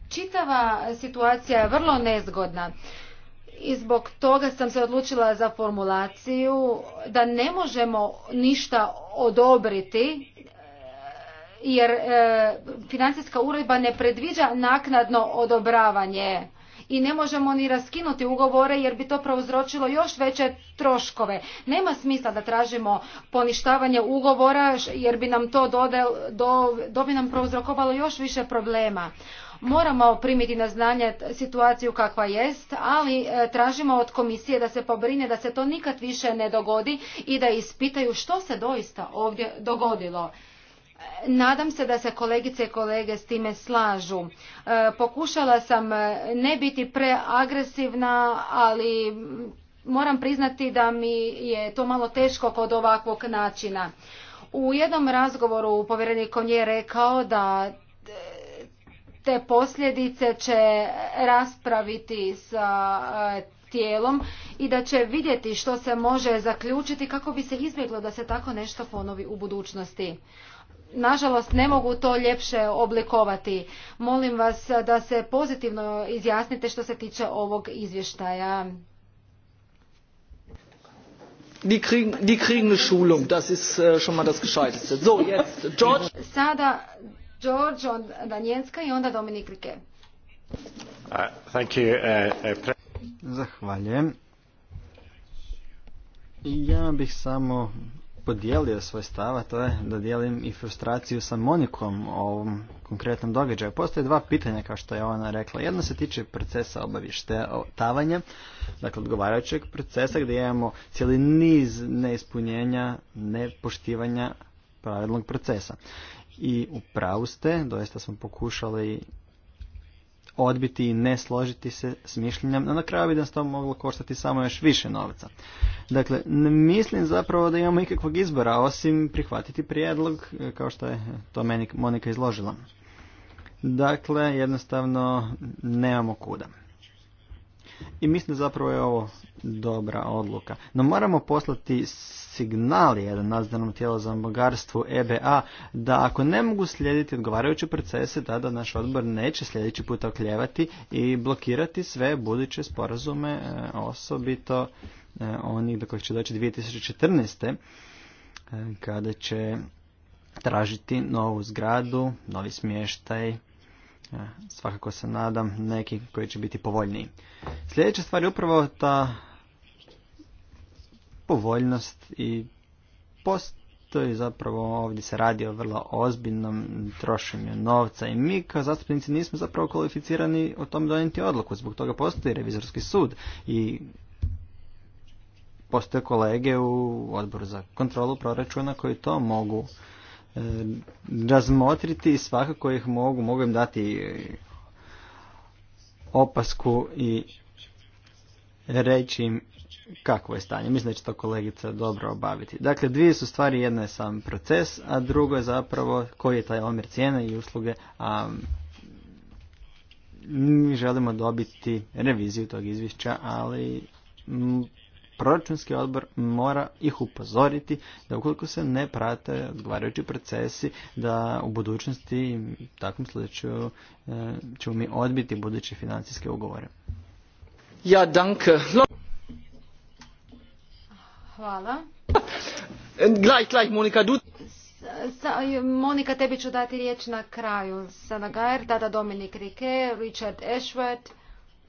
čitava situacija je vrlo nezgodna i zbog toga sam se odlučila za formulaciju da ne možemo ništa odobriti e, jer e, financijska uredba ne predviđa naknadno odobravanje i ne možemo ni raskinuti ugovore jer bi to prouzročilo još veće troškove. Nema smisla da tražimo poništavanje ugovora jer bi nam to prouzrokovalo još više problema. Moramo primiti na znanje situaciju kakva jest, ali e, tražimo od komisije da se pobrine da se to nikad više ne dogodi i da ispitaju što se doista ovdje dogodilo. E, nadam se da se kolegice i kolege s time slažu. E, pokušala sam ne biti preagresivna, ali moram priznati da mi je to malo teško kod ovakvog načina. U jednom razgovoru povjerenikom je rekao da te posljedice će raspraviti sa e, tijelom i da će vidjeti što se može zaključiti kako bi se izbjeglo da se tako nešto ponovi u budućnosti. Nažalost, ne mogu to ljepše oblikovati. Molim vas da se pozitivno izjasnite što se tiče ovog izvještaja. Sada George, od i onda Dominik Rike. Uh, uh, uh, Zahvaljujem. Ja bih samo podijelio svoj stav, a to je da dijelim i frustraciju sa Monikom o ovom konkretnom događaju. Postoje dva pitanja, kao što je ona rekla. Jedno se tiče procesa obavještavanja, dakle odgovarajućeg procesa gdje imamo cijeli niz neispunjenja, nepoštivanja pravilnog procesa. I u pravu ste, doista smo pokušali odbiti i ne složiti se s mišljenjem, no na kraju bi nas to moglo koštati samo još više novca. Dakle, ne mislim zapravo da imamo ikakvog izbora, osim prihvatiti prijedlog, e, kao što je to meni Monika izložila. Dakle, jednostavno nemamo kuda. I mislim da zapravo je ovo dobra odluka. No moramo poslati signal jedan nadzornom tijelo za bogarstvo EBA da ako ne mogu slijediti odgovarajuće procese, tada naš odbor neće sljedeći put okljevati i blokirati sve buduće sporazume, e, osobito e, onih do će doći 2014. E, kada će tražiti novu zgradu, novi smještaj, E, svakako se nadam, neki koji će biti povoljniji. Sljedeća stvar je upravo ta povoljnost i postoji zapravo ovdje se radi o vrlo ozbiljnom trošenju novca i mi kao zastupnici nismo zapravo kvalificirani o tom donijeti odluku, zbog toga postoji revizorski sud i postoje kolege u odboru za kontrolu proračuna koji to mogu razmotriti i svakako ih mogu, mogu im dati opasku i reći im kakvo je stanje. Mislim da će to kolegica dobro obaviti. Dakle, dvije su stvari, jedna je sam proces, a drugo je zapravo koji je taj omjer cijena i usluge, a mi želimo dobiti reviziju tog izvješća, ali proračunski odbor mora ih upozoriti da ukoliko se ne prate odgovarajući procesi da u budućnosti u takvom slučaju e, ćemo mi odbiti buduće financijske ugovore. Ja, danke. Hvala. Gleich, gleich, Monika, du... Monika, tebi ću dati riječ na kraju. Sana Gajer, tada Dominik Rike, Richard Ashworth,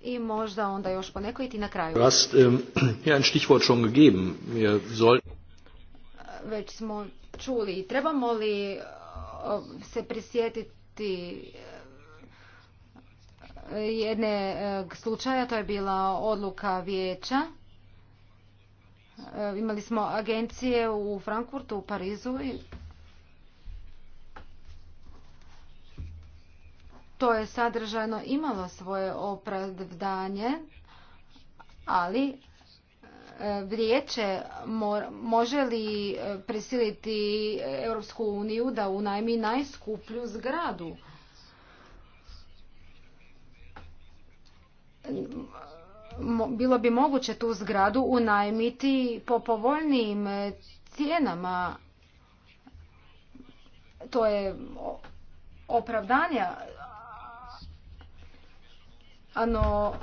i možda onda još poneko ti na kraju. Ähm, Već smo čuli. Trebamo li se prisjetiti e, jedne e, slučaja, to je bila odluka vijeća. E, imali smo agencije u Frankfurtu, u Parizu i To je sadržajno imalo svoje opravdanje, ali e, vijeće može li e, prisiliti Europsku uniju da unajmi najskuplju zgradu? Bilo bi moguće tu zgradu unajmiti po povoljnijim e, cijenama. To je opravdanje ano,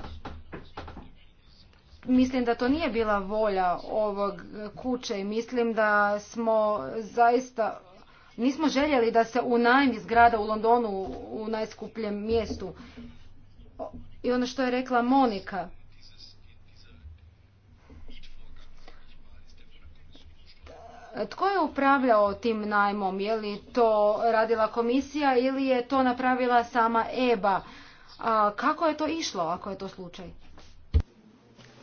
mislim da to nije bila volja ovog kuće i mislim da smo zaista nismo željeli da se unajmi zgrada u Londonu u najskupljem mjestu. I ono što je rekla Monika, Tko je upravljao tim najmom? Je li to radila komisija ili je to napravila sama EBA? Kako je to išlo, ako je to slučaj?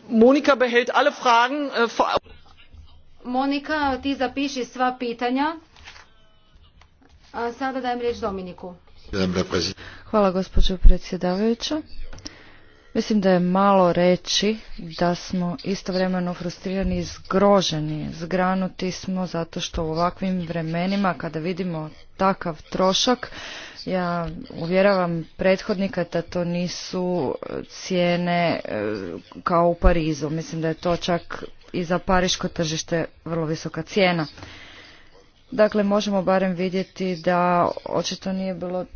Monika behält alle Fragen. Äh, Monika, ti zapiši sva pitanja. A sada dajem riječ Dominiku. Hvala gospođo predsjedavajuća. Mislim da je malo reći da smo istovremeno frustrirani i zgroženi. Zgranuti smo zato što u ovakvim vremenima kada vidimo takav trošak ja uvjeravam prethodnika da to nisu cijene e, kao u Parizu. Mislim da je to čak i za pariško tržište vrlo visoka cijena. Dakle, možemo barem vidjeti da očito nije bilo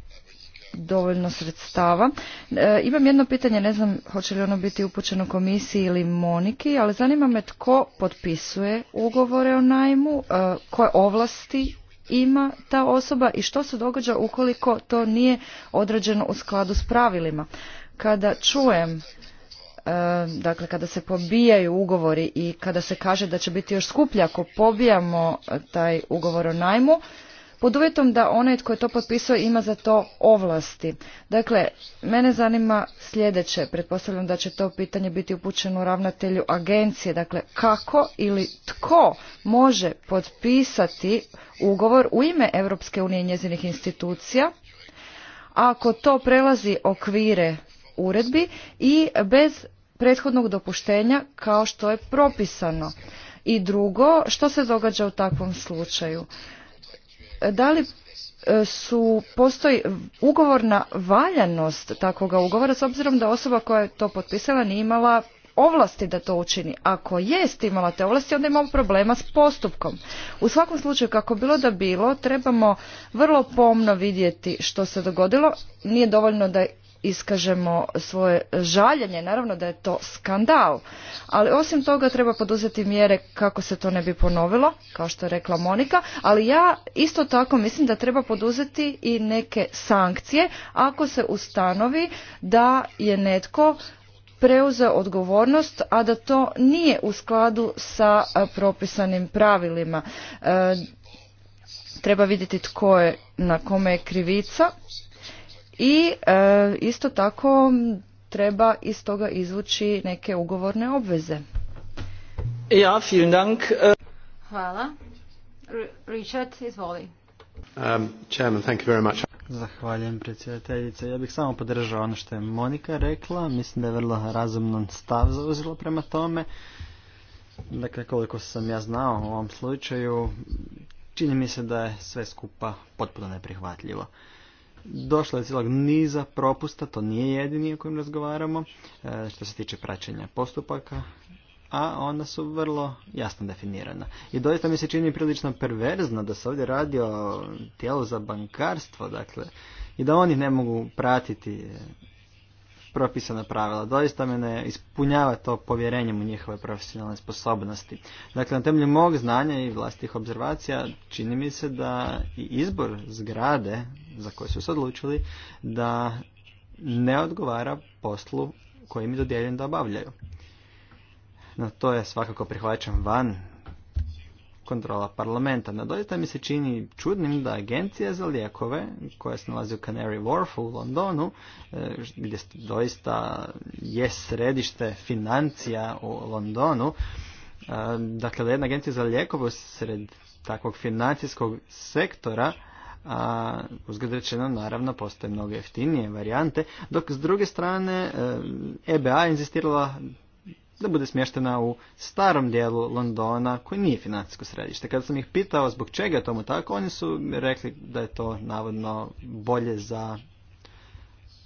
dovoljno sredstava. E, imam jedno pitanje, ne znam hoće li ono biti upućeno komisiji ili Moniki, ali zanima me tko potpisuje ugovore o najmu, e, koje ovlasti ima ta osoba i što se događa ukoliko to nije određeno u skladu s pravilima. Kada čujem e, dakle kada se pobijaju ugovori i kada se kaže da će biti još skuplje ako pobijamo e, taj ugovor o najmu, pod uvjetom da onaj tko je to potpisao ima za to ovlasti. Dakle, mene zanima sljedeće, pretpostavljam da će to pitanje biti upućeno ravnatelju agencije, dakle kako ili tko može potpisati ugovor u ime Europske unije i njezinih institucija, ako to prelazi okvire uredbi i bez prethodnog dopuštenja kao što je propisano. I drugo, što se događa u takvom slučaju? da li e, su, postoji ugovorna valjanost takvoga ugovora s obzirom da osoba koja je to potpisala nije imala ovlasti da to učini. Ako jest imala te ovlasti, onda imamo problema s postupkom. U svakom slučaju, kako bilo da bilo, trebamo vrlo pomno vidjeti što se dogodilo. Nije dovoljno da iskažemo svoje žaljenje. Naravno da je to skandal, ali osim toga treba poduzeti mjere kako se to ne bi ponovilo, kao što je rekla Monika, ali ja isto tako mislim da treba poduzeti i neke sankcije ako se ustanovi da je netko preuzeo odgovornost, a da to nije u skladu sa propisanim pravilima. E, treba vidjeti tko je, na kome je krivica i e, isto tako treba iz toga izvući neke ugovorne obveze. Ja, vielen Dank. E, Hvala. Richard, izvoli. Um, chairman, thank you very much. Zahvaljujem predsjedateljice. Ja bih samo podržao ono što je Monika rekla. Mislim da je vrlo razumno stav zauzela prema tome. Dakle, koliko sam ja znao u ovom slučaju, čini mi se da je sve skupa potpuno neprihvatljivo. Došlo je cijelog niza propusta, to nije jedini o kojem razgovaramo, e, što se tiče praćenja postupaka, a ona su vrlo jasno definirana. I doista mi se čini prilično perverzno da se ovdje radi o tijelu za bankarstvo, dakle, i da oni ne mogu pratiti propisana pravila. Doista me ne ispunjava to povjerenjem u njihove profesionalne sposobnosti. Dakle, na temelju mog znanja i vlastih observacija čini mi se da i izbor zgrade za koje su se odlučili da ne odgovara poslu koji mi dodijeljen da obavljaju. No to je svakako prihvaćam van kontrola parlamenta. No doista mi se čini čudnim da agencija za lijekove koja se nalazi u Canary Wharf u Londonu, e, gdje doista je središte financija u Londonu, e, dakle da jedna agencija za lijekove sred takvog financijskog sektora a naravno postoje mnogo jeftinije varijante, dok s druge strane EBA e inzistirala da bude smještena u starom dijelu Londona koji nije financijsko središte. Kada sam ih pitao zbog čega je tomu tako, oni su rekli da je to navodno bolje za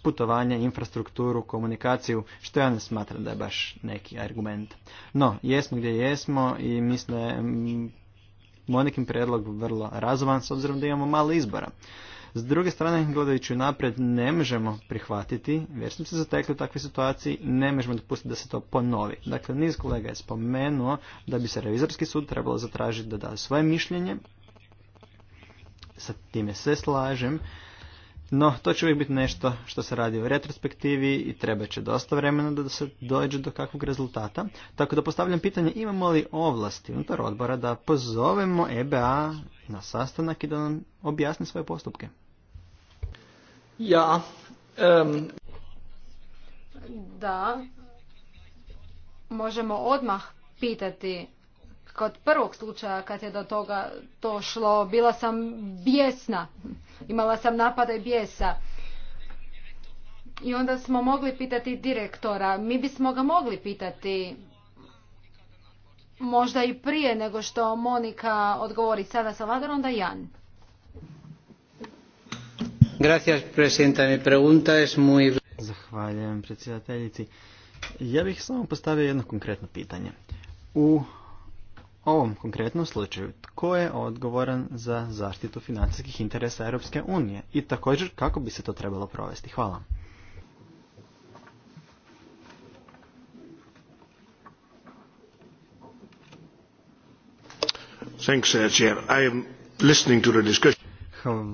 putovanje, infrastrukturu, komunikaciju, što ja ne smatram da je baš neki argument. No, jesmo gdje jesmo i mislim da je mm, predlog vrlo razuman s obzirom da imamo malo izbora. S druge strane, gledajući napred, ne možemo prihvatiti, jer smo se zatekli u takvoj situaciji, ne možemo dopustiti da se to ponovi. Dakle, niz kolega je spomenuo da bi se revizorski sud trebalo zatražiti da da svoje mišljenje, sa time se slažem, no, to će uvijek biti nešto što se radi u retrospektivi i treba će dosta vremena da se dođe do kakvog rezultata. Tako da postavljam pitanje imamo li ovlasti unutar odbora da pozovemo EBA na sastanak i da nam objasni svoje postupke. Ja. Da. Možemo odmah pitati kod prvog slučaja kad je do toga to šlo, bila sam bijesna. Imala sam napade bijesa. I onda smo mogli pitati direktora. Mi bismo ga mogli pitati možda i prije nego što Monika odgovori sada Salvador, onda Jan. Gracias, Mi pregunta es muy... Zahvaljujem predsjedateljici. Ja bih samo postavio jedno konkretno pitanje. U ovom konkretnom slučaju tko je odgovoran za zaštitu financijskih interesa Europske unije i također kako bi se to trebalo provesti. Hvala.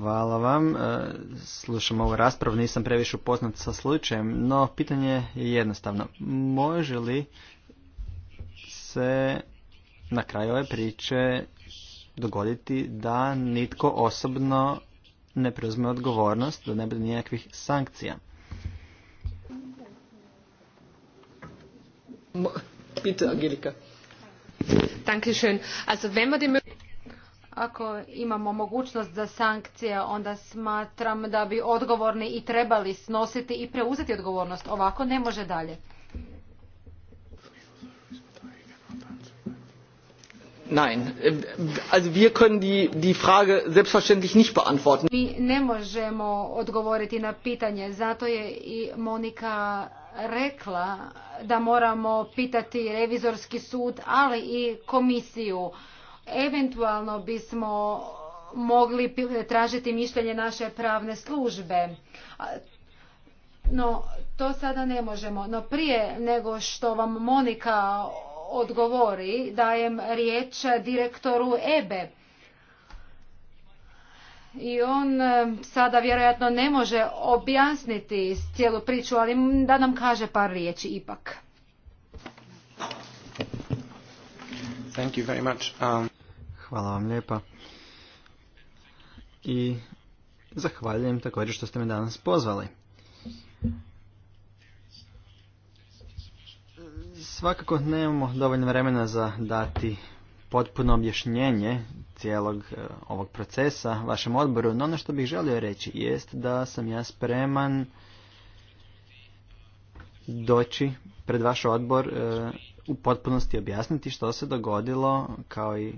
Hvala vam. E, slušam ovu raspravu, nisam previše upoznat sa slučajem, no pitanje je jednostavno. Može li se na kraju ove priče dogoditi da nitko osobno ne preuzme odgovornost, da ne bude nijakvih sankcija. ako imamo mogućnost za sankcije, onda smatram da bi odgovorni i trebali snositi i preuzeti odgovornost. Ovako ne može dalje. Nein, also wir können die, Frage selbstverständlich nicht beantworten. Mi ne možemo odgovoriti na pitanje, zato je i Monika rekla da moramo pitati revizorski sud, ali i komisiju. Eventualno bismo mogli tražiti mišljenje naše pravne službe. No, to sada ne možemo. No prije nego što vam Monika odgovori dajem riječ direktoru EBE. I on e, sada vjerojatno ne može objasniti cijelu priču, ali da nam kaže par riječi ipak. Thank you very much. Um, Hvala vam lijepa. I zahvaljujem također što ste me danas pozvali. Svakako nemamo dovoljno vremena za dati potpuno objašnjenje cijelog e, ovog procesa vašem odboru, no ono što bih želio reći jest da sam ja spreman doći pred vaš odbor e, u potpunosti objasniti što se dogodilo kao i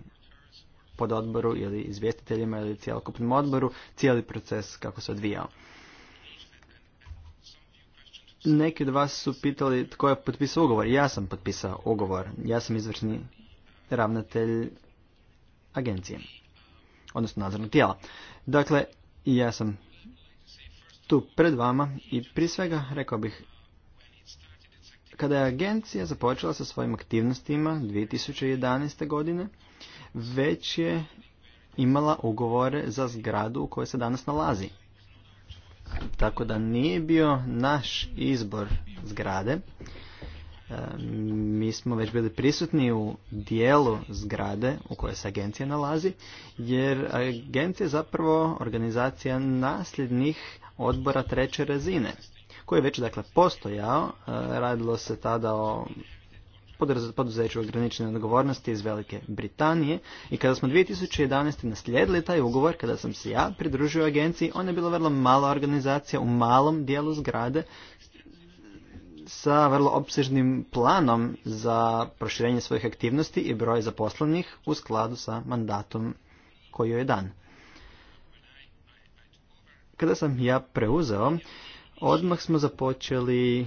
pod odboru ili izvjestiteljima ili cijelokupnom odboru cijeli proces kako se odvijao. Neki od vas su pitali tko je potpisao ugovor. Ja sam potpisao ugovor. Ja sam izvršni ravnatelj agencije, odnosno nadzornog tijela. Dakle, ja sam tu pred vama i prije svega rekao bih kada je agencija započela sa svojim aktivnostima 2011. godine, već je imala ugovore za zgradu u kojoj se danas nalazi. Tako da nije bio naš izbor zgrade. E, mi smo već bili prisutni u dijelu zgrade u kojoj se agencija nalazi, jer agencija je zapravo organizacija nasljednih odbora treće razine, koji je već dakle postojao, e, radilo se tada o poduzeću ograničene odgovornosti iz Velike Britanije i kada smo 2011. naslijedili taj ugovor, kada sam se ja pridružio agenciji, ona je bila vrlo mala organizacija u malom dijelu zgrade sa vrlo opsežnim planom za proširenje svojih aktivnosti i broj zaposlenih u skladu sa mandatom koji je dan. Kada sam ja preuzeo, odmah smo započeli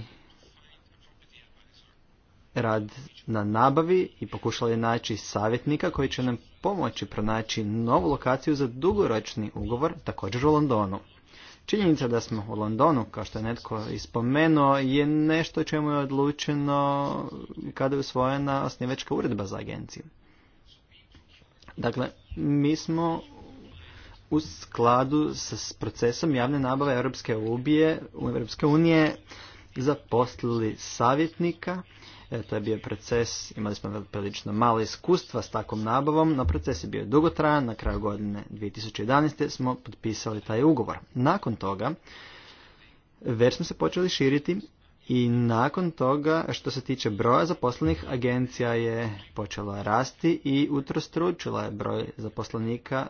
rad na nabavi i pokušali naći savjetnika koji će nam pomoći pronaći novu lokaciju za dugoročni ugovor, također u Londonu. Činjenica da smo u Londonu, kao što je netko ispomenuo, je nešto čemu je odlučeno kada je usvojena osnivačka uredba za agenciju. Dakle, mi smo u skladu s procesom javne nabave Europske unije, Europske unije zaposlili savjetnika E, to je bio proces, imali smo prilično malo iskustva s takvom nabavom, no proces je bio dugotrajan, na kraju godine 2011. smo potpisali taj ugovor. Nakon toga, već smo se počeli širiti i nakon toga što se tiče broja zaposlenih agencija je počela rasti i utrostručila je broj zaposlenika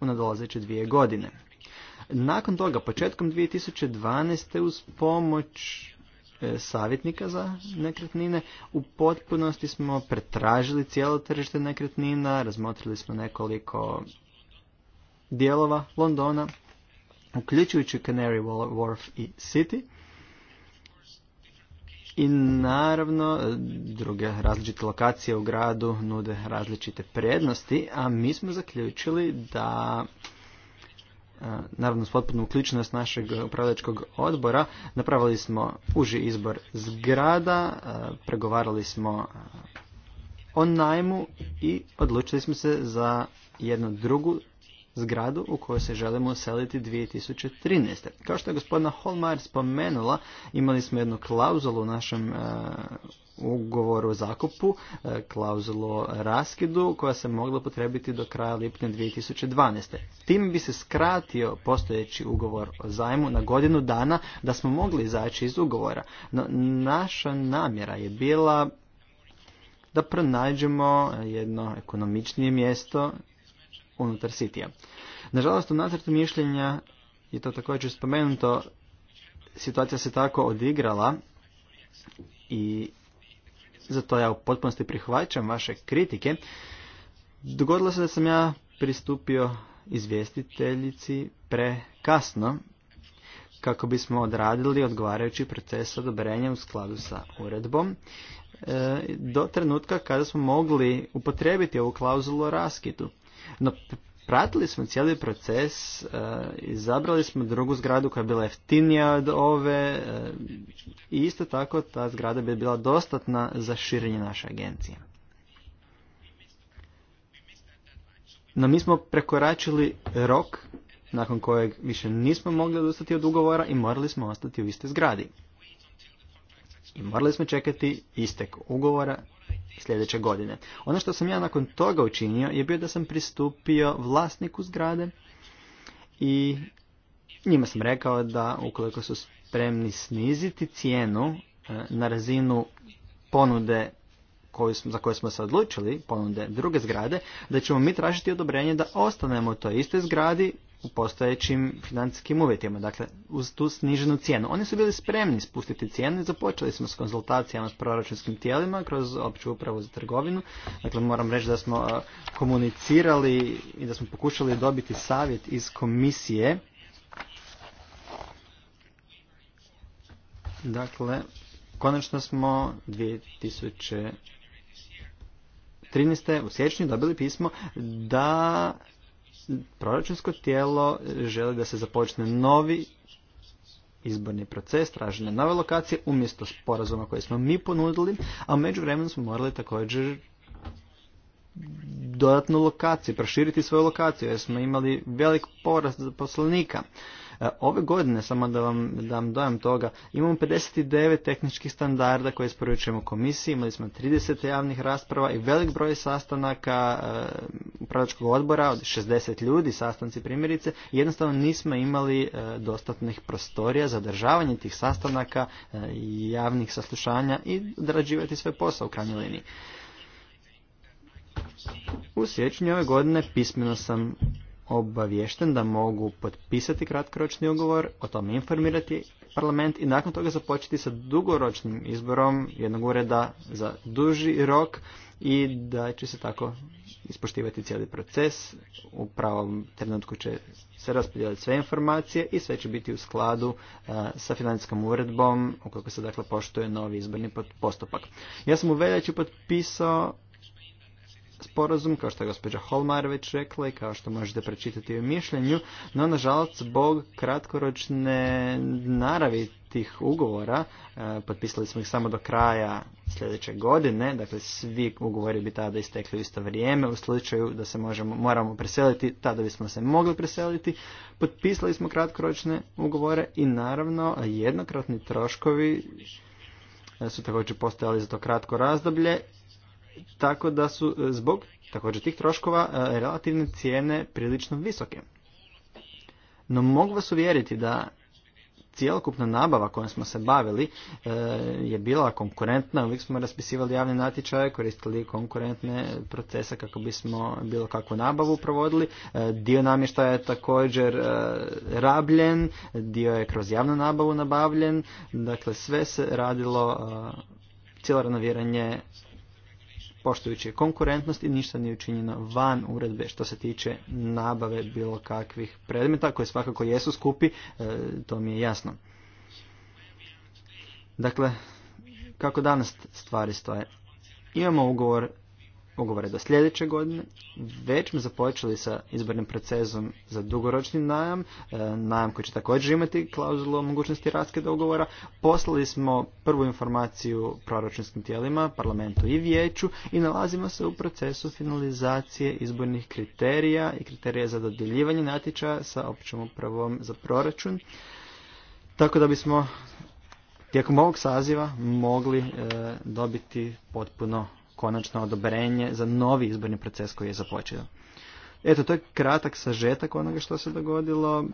u nadolazeće dvije godine. Nakon toga, početkom 2012. uz pomoć E, savjetnika za nekretnine. U potpunosti smo pretražili cijelo tržište nekretnina, razmotrili smo nekoliko dijelova Londona, uključujući Canary Wharf i City. I naravno, e, druge različite lokacije u gradu nude različite prednosti, a mi smo zaključili da naravno s potpuno uključenost našeg upravljačkog odbora, napravili smo uži izbor zgrada, pregovarali smo o najmu i odlučili smo se za jednu drugu zgradu u kojoj se želimo useliti 2013. Kao što je gospodina Holmar spomenula, imali smo jednu klauzulu u našem ugovoru o zakupu, e, klauzulu o raskidu koja se mogla potrebiti do kraja lipnja 2012. Tim bi se skratio postojeći ugovor o zajmu na godinu dana da smo mogli izaći iz ugovora. No, naša namjera je bila da pronađemo jedno ekonomičnije mjesto unutar sitija. Nažalost, u nacrtu mišljenja je to također spomenuto, situacija se tako odigrala i zato ja u potpunosti prihvaćam vaše kritike. Dogodilo se da sam ja pristupio izvjestiteljici prekasno kako bismo odradili odgovarajući proces odobrenja u skladu sa uredbom e, do trenutka kada smo mogli upotrijebiti ovu klauzulu o raskidu. No pratili smo cijeli proces, e, izabrali smo drugu zgradu koja je bila jeftinija od ove e, i isto tako ta zgrada bi bila dostatna za širenje naše agencije. No mi smo prekoračili rok nakon kojeg više nismo mogli odustati od ugovora i morali smo ostati u iste zgradi. I morali smo čekati istek ugovora sljedeće godine. Ono što sam ja nakon toga učinio je bio da sam pristupio vlasniku zgrade i njima sam rekao da ukoliko su spremni sniziti cijenu e, na razinu ponude koju smo, za koju smo se odlučili, ponude druge zgrade, da ćemo mi tražiti odobrenje da ostanemo u toj istoj zgradi u postojećim financijskim uvjetima, dakle uz tu sniženu cijenu. Oni su bili spremni spustiti cijene. započeli smo s konzultacijama s proračunskim tijelima kroz opću upravu za trgovinu. Dakle, moram reći da smo komunicirali i da smo pokušali dobiti savjet iz komisije. Dakle, konačno smo 2000 13. u siječnju dobili pismo da proračunsko tijelo želi da se započne novi izborni proces, traženje nove lokacije umjesto sporazuma koje smo mi ponudili, a među vremenom smo morali također dodatnu lokaciju, proširiti svoju lokaciju jer smo imali velik porast zaposlenika. E, ove godine, samo da vam dam dojam toga, imamo 59 tehničkih standarda koje isporučujemo komisiji, imali smo 30 javnih rasprava i velik broj sastanaka e, upravljačkog odbora od 60 ljudi, sastanci primjerice, jednostavno nismo imali e, dostatnih prostorija za održavanje tih sastanaka, javnih saslušanja i odrađivati sve posao u krajnjoj liniji. U siječnju ove godine pismeno sam obavješten da mogu potpisati kratkoročni ugovor, o tome informirati parlament i nakon toga započeti sa dugoročnim izborom jednog ureda za duži rok i da će se tako ispoštivati cijeli proces. U pravom trenutku će se raspodijeliti sve informacije i sve će biti u skladu e, sa financijskom uredbom ukoliko se dakle poštuje novi izborni postupak. Ja sam u veljači potpisao sporazum, kao što je gospođa Holmar već rekla i kao što možete prečitati u mišljenju, no nažalost zbog kratkoročne naravi tih ugovora, e, potpisali smo ih samo do kraja sljedeće godine, dakle svi ugovori bi tada istekli u isto vrijeme, u slučaju da se možemo, moramo preseliti, tada bismo se mogli preseliti, potpisali smo kratkoročne ugovore i naravno jednokratni troškovi e, su također postojali za to kratko razdoblje tako da su e, zbog također tih troškova e, relativne cijene prilično visoke. No mogu vas uvjeriti da cijelokupna nabava kojom smo se bavili e, je bila konkurentna, uvijek smo raspisivali javne natječaje, koristili konkurentne procese kako bismo bilo kakvu nabavu provodili. Dio namještaja je također rabljen, dio je kroz javnu nabavu nabavljen, dakle sve se radilo cijelo renoviranje poštujući konkurentnost i ništa nije učinjeno van uredbe što se tiče nabave bilo kakvih predmeta koje svakako jesu skupi, e, to mi je jasno. Dakle, kako danas stvari stoje? Imamo ugovor ugovore do sljedeće godine. Već smo započeli sa izbornim procesom za dugoročni najam, e, najam koji će također imati klauzulu o mogućnosti raskida ugovora. Poslali smo prvu informaciju proračunskim tijelima, parlamentu i vijeću i nalazimo se u procesu finalizacije izbornih kriterija i kriterija za dodjeljivanje natječaja sa općom upravom za proračun. Tako da bismo tijekom ovog saziva mogli e, dobiti potpuno konačno odobrenje za novi izborni proces koji je započeo. Eto, to je kratak sažetak onoga što se dogodilo.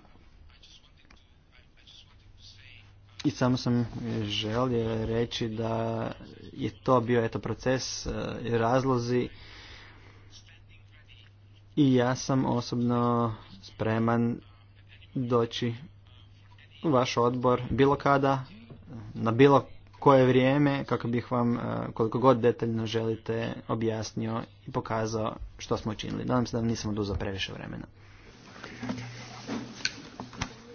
I samo sam želio reći da je to bio eto proces i e, razlozi i ja sam osobno spreman doći u vaš odbor bilo kada, na bilo koje vrijeme kako bih vam e, koliko god detaljno želite objasnio i pokazao što smo učinili. Nadam se da nisam oduzao previše vremena.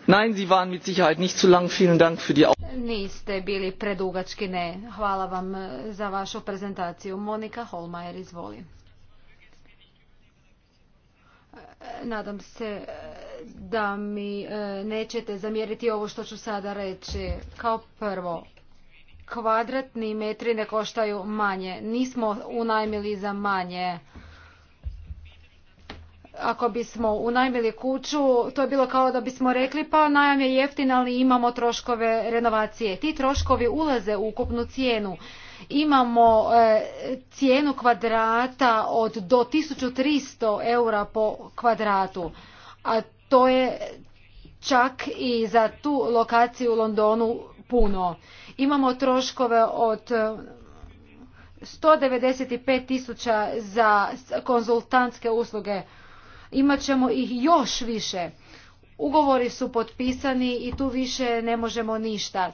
Nein, Sie waren mit Sicherheit nicht zu lang. Vielen Dank für die Niste bili predugački, ne. Hvala vam e, za vašu prezentaciju. Monika Holmajer, izvoli. E, nadam se da mi nećete zamjeriti ovo što ću sada reći. Kao prvo, kvadratni metri ne koštaju manje. Nismo unajmili za manje. Ako bismo unajmili kuću, to je bilo kao da bismo rekli pa najam je jeftin, ali imamo troškove renovacije. Ti troškovi ulaze u ukupnu cijenu. Imamo e, cijenu kvadrata od do 1300 eura po kvadratu, a to je čak i za tu lokaciju u Londonu puno. Imamo troškove od 195 eh, tisuća za konzultantske usluge. Imat ćemo ih još više. Ugovori su potpisani i tu više ne možemo ništa.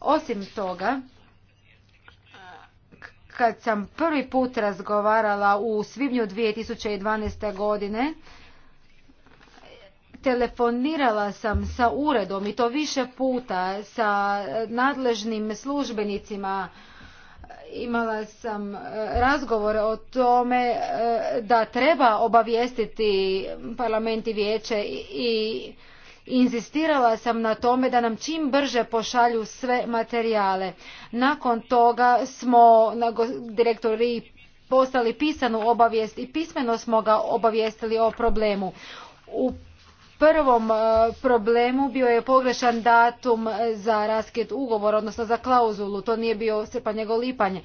Osim toga, kad sam prvi put razgovarala u svibnju 2012. godine telefonirala sam sa uredom i to više puta sa nadležnim službenicima imala sam e, razgovor o tome e, da treba obavijestiti parlament i vijeće i inzistirala sam na tome da nam čim brže pošalju sve materijale. Nakon toga smo na direktori poslali pisanu obavijest i pismeno smo ga obavijestili o problemu. U prvom e, problemu bio je pogrešan datum e, za raskid ugovora, odnosno za klauzulu. To nije bio srpanj nego lipanje.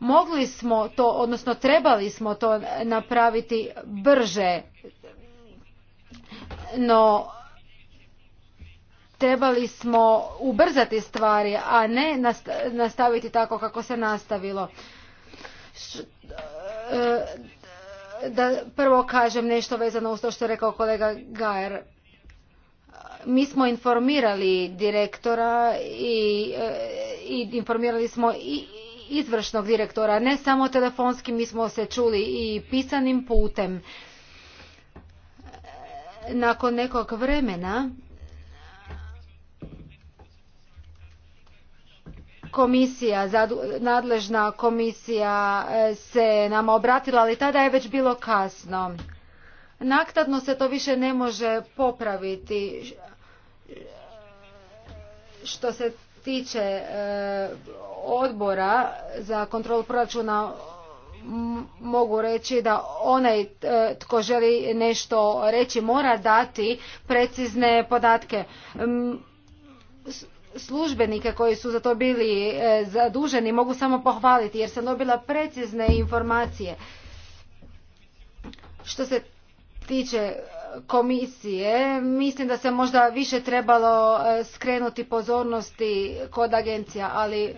Mogli smo to, odnosno trebali smo to napraviti brže, no trebali smo ubrzati stvari, a ne nastaviti tako kako se nastavilo. E, da prvo kažem nešto vezano uz to što je rekao kolega Gajer. Mi smo informirali direktora i, e, i informirali smo i izvršnog direktora, ne samo telefonski, mi smo se čuli i pisanim putem. Nakon nekog vremena komisija, nadležna komisija e, se nam obratila, ali tada je već bilo kasno. Naknadno se to više ne može popraviti što se tiče e, odbora za kontrolu proračuna mogu reći da onaj e, tko želi nešto reći mora dati precizne podatke službenike koji su za to bili e, zaduženi mogu samo pohvaliti jer sam dobila precizne informacije. Što se tiče e, komisije, mislim da se možda više trebalo e, skrenuti pozornosti kod agencija, ali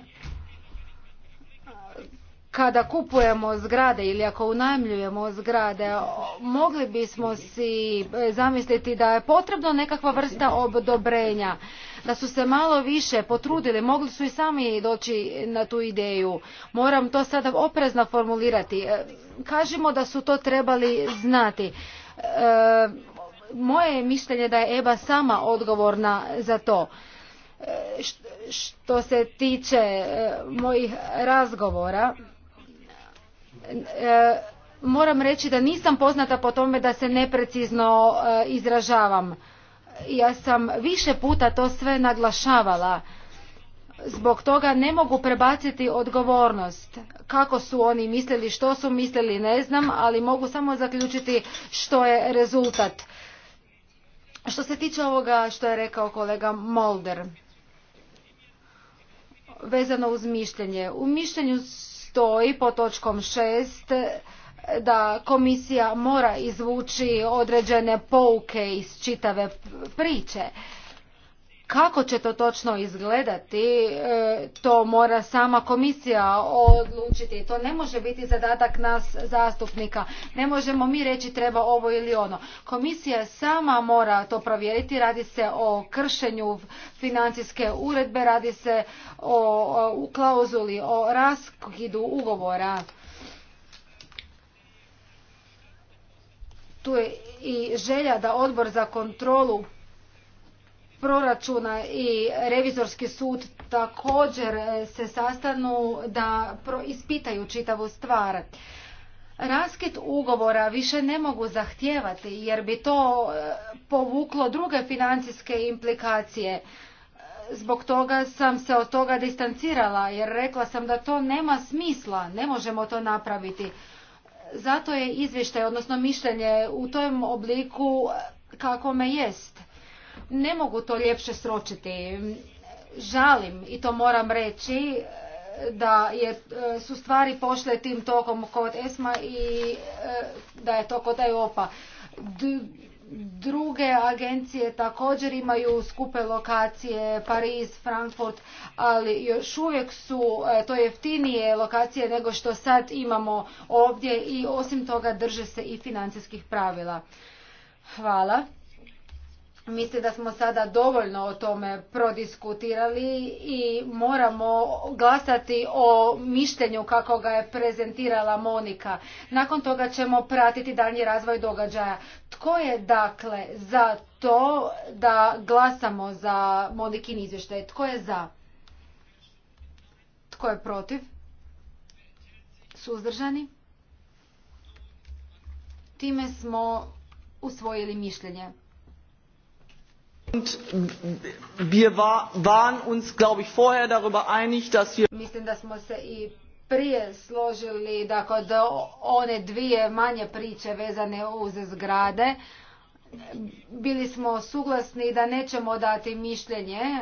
kada kupujemo zgrade ili ako unajmljujemo zgrade, mogli bismo si e, zamisliti da je potrebno nekakva vrsta odobrenja. Da su se malo više potrudili, mogli su i sami doći na tu ideju. Moram to sada oprezno formulirati. E, Kažemo da su to trebali znati. E, moje je mišljenje da je EBA sama odgovorna za to što se tiče mojih razgovora E, moram reći da nisam poznata po tome da se neprecizno e, izražavam. Ja sam više puta to sve naglašavala. Zbog toga ne mogu prebaciti odgovornost. Kako su oni mislili, što su mislili, ne znam, ali mogu samo zaključiti što je rezultat. Što se tiče ovoga što je rekao kolega Mulder, vezano uz mišljenje. U mišljenju stoji pod točkom šest da komisija mora izvući određene pouke iz čitave priče kako će to točno izgledati, e, to mora sama komisija odlučiti. To ne može biti zadatak nas zastupnika. Ne možemo mi reći treba ovo ili ono. Komisija sama mora to provjeriti. Radi se o kršenju financijske uredbe, radi se o klauzuli, o raskidu ugovora. Tu je i želja da odbor za kontrolu proračuna i revizorski sud također e, se sastanu da ispitaju čitavu stvar. Raskit ugovora više ne mogu zahtijevati jer bi to e, povuklo druge financijske implikacije. E, zbog toga sam se od toga distancirala jer rekla sam da to nema smisla, ne možemo to napraviti. Zato je izvještaj, odnosno mišljenje u tom obliku me jest ne mogu to ljepše sročiti. Žalim, i to moram reći, e, da je, e, su stvari pošle tim tokom kod ESMA i e, da je to kod EOPA. Druge agencije također imaju skupe lokacije, Pariz, Frankfurt, ali još uvijek su to jeftinije lokacije nego što sad imamo ovdje i osim toga drže se i financijskih pravila. Hvala. Mislim da smo sada dovoljno o tome prodiskutirali i moramo glasati o mišljenju kako ga je prezentirala Monika. Nakon toga ćemo pratiti daljnji razvoj događaja. Tko je dakle za to da glasamo za Monikin izvještaj? Tko je za? Tko je protiv? Suzdržani? Time smo usvojili mišljenje. Mislim da smo se i prije složili da kod one dvije manje priče vezane uz zgrade bili smo suglasni da nećemo dati mišljenje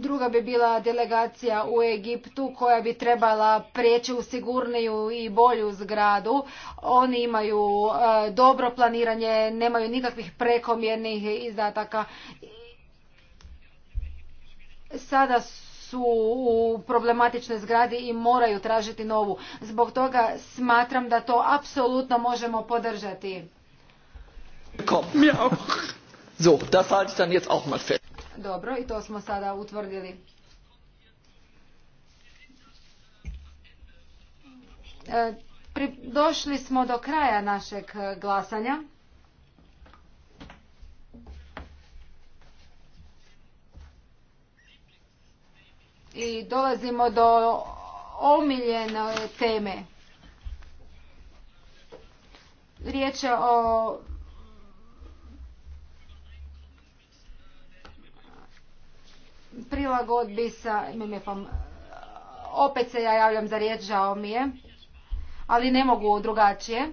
druga bi bila delegacija u Egiptu koja bi trebala prijeći u sigurniju i bolju zgradu. Oni imaju e, dobro planiranje, nemaju nikakvih prekomjernih izdataka. Sada su u problematičnoj zgradi i moraju tražiti novu. Zbog toga smatram da to apsolutno možemo podržati. So, dann jetzt auch dobro i to smo sada utvrdili. E, došli smo do kraja našeg e, glasanja. I dolazimo do omiljene teme. Riječ je o prilagodbi sa MMF-om. Opet se ja javljam za riječ, žao mi je, ali ne mogu drugačije.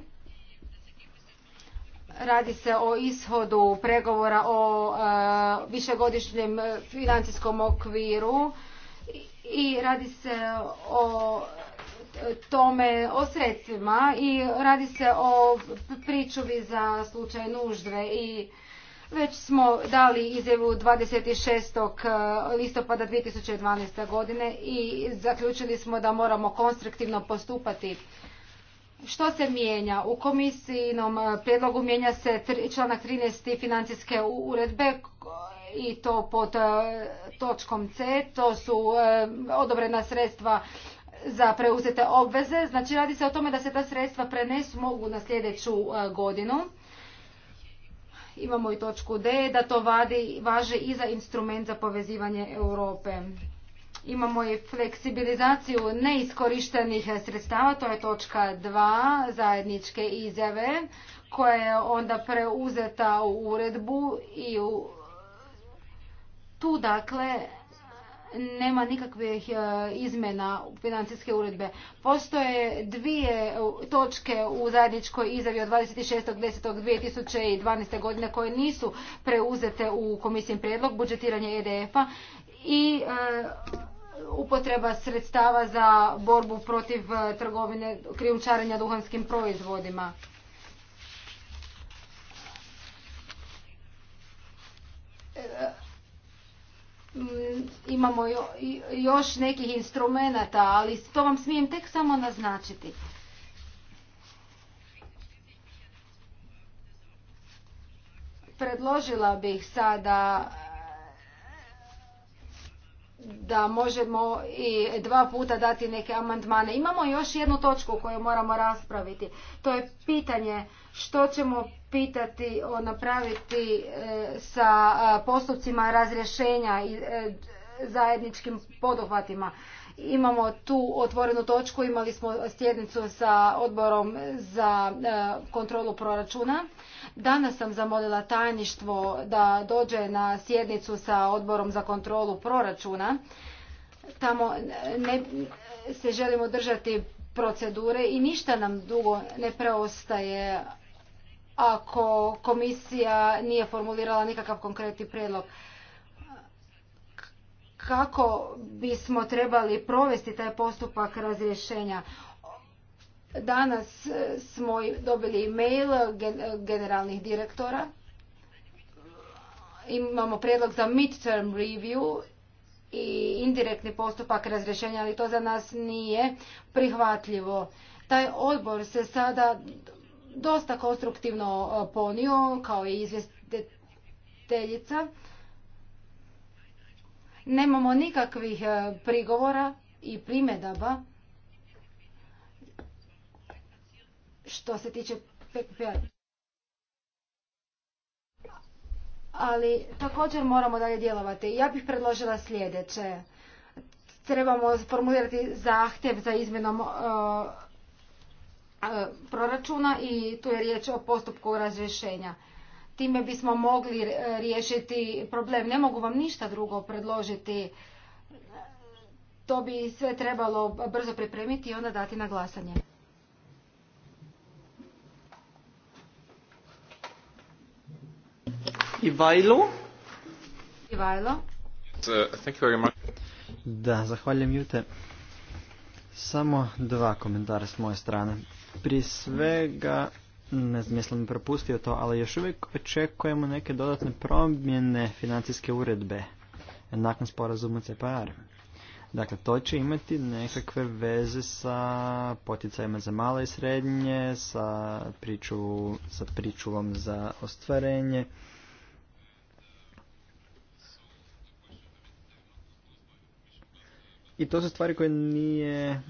Radi se o ishodu pregovora o e, višegodišnjem financijskom okviru i radi se o tome o sredstvima i radi se o pričuvi za slučaj nužde i već smo dali izjavu 26. E, listopada 2012. godine i zaključili smo da moramo konstruktivno postupati. Što se mijenja? U komisijnom e, prijedlogu mijenja se članak 13. financijske uredbe i to pod e, točkom C. To su odobrena sredstva za preuzete obveze. Znači radi se o tome da se ta sredstva prenesu mogu na sljedeću godinu imamo i točku D, da to vadi, i za instrument za povezivanje Europe. Imamo i fleksibilizaciju neiskorištenih sredstava, to je točka 2 zajedničke izjave, koja je onda preuzeta u uredbu i u, tu dakle nema nikakvih e, izmjena financijske uredbe. Postoje dvije e, točke u zajedničkoj izjavi od 26.10.2012. godine koje nisu preuzete u komisijin prijedlog budžetiranje EDF-a i e, upotreba sredstava za borbu protiv trgovine krijumčarenja duhanskim proizvodima. Mm, imamo još nekih instrumenata, ali to vam smijem tek samo naznačiti. Predložila bih sada da možemo i dva puta dati neke amandmane. Imamo još jednu točku koju moramo raspraviti. To je pitanje što ćemo pitati o napraviti e, sa e, postupcima razrješenja i e, zajedničkim poduhvatima. Imamo tu otvorenu točku, imali smo sjednicu sa odborom za e, kontrolu proračuna. Danas sam zamolila tajništvo da dođe na sjednicu sa odborom za kontrolu proračuna. Tamo se želimo držati procedure i ništa nam dugo ne preostaje ako komisija nije formulirala nikakav konkretni prijedlog kako bismo trebali provesti taj postupak razrješenja. Danas e, smo dobili e mail generalnih direktora. Imamo prijedlog za midterm review i indirektni postupak razrješenja, ali to za nas nije prihvatljivo. Taj odbor se sada dosta konstruktivno e, ponio kao i izvjestiteljica Nemamo nikakvih e, prigovora i primjedaba što se tiče PPP-a. Ali također moramo dalje djelovati. Ja bih predložila sljedeće. Trebamo formulirati zahtjev za izmjenom e, e, proračuna i tu je riječ o postupku razrješenja time bismo mogli e, riješiti problem. Ne mogu vam ništa drugo predložiti. To bi sve trebalo brzo pripremiti i onda dati na glasanje. Ivajlo. Uh, da, zahvaljujem Jute. Samo dva komentara s moje strane. Prije svega, ne znam propustio to, ali još uvijek očekujemo neke dodatne promjene financijske uredbe nakon sporazuma CPR. Dakle, to će imati nekakve veze sa poticajima za male i srednje, sa, priču, sa pričuvom za ostvarenje. I to su stvari koje nije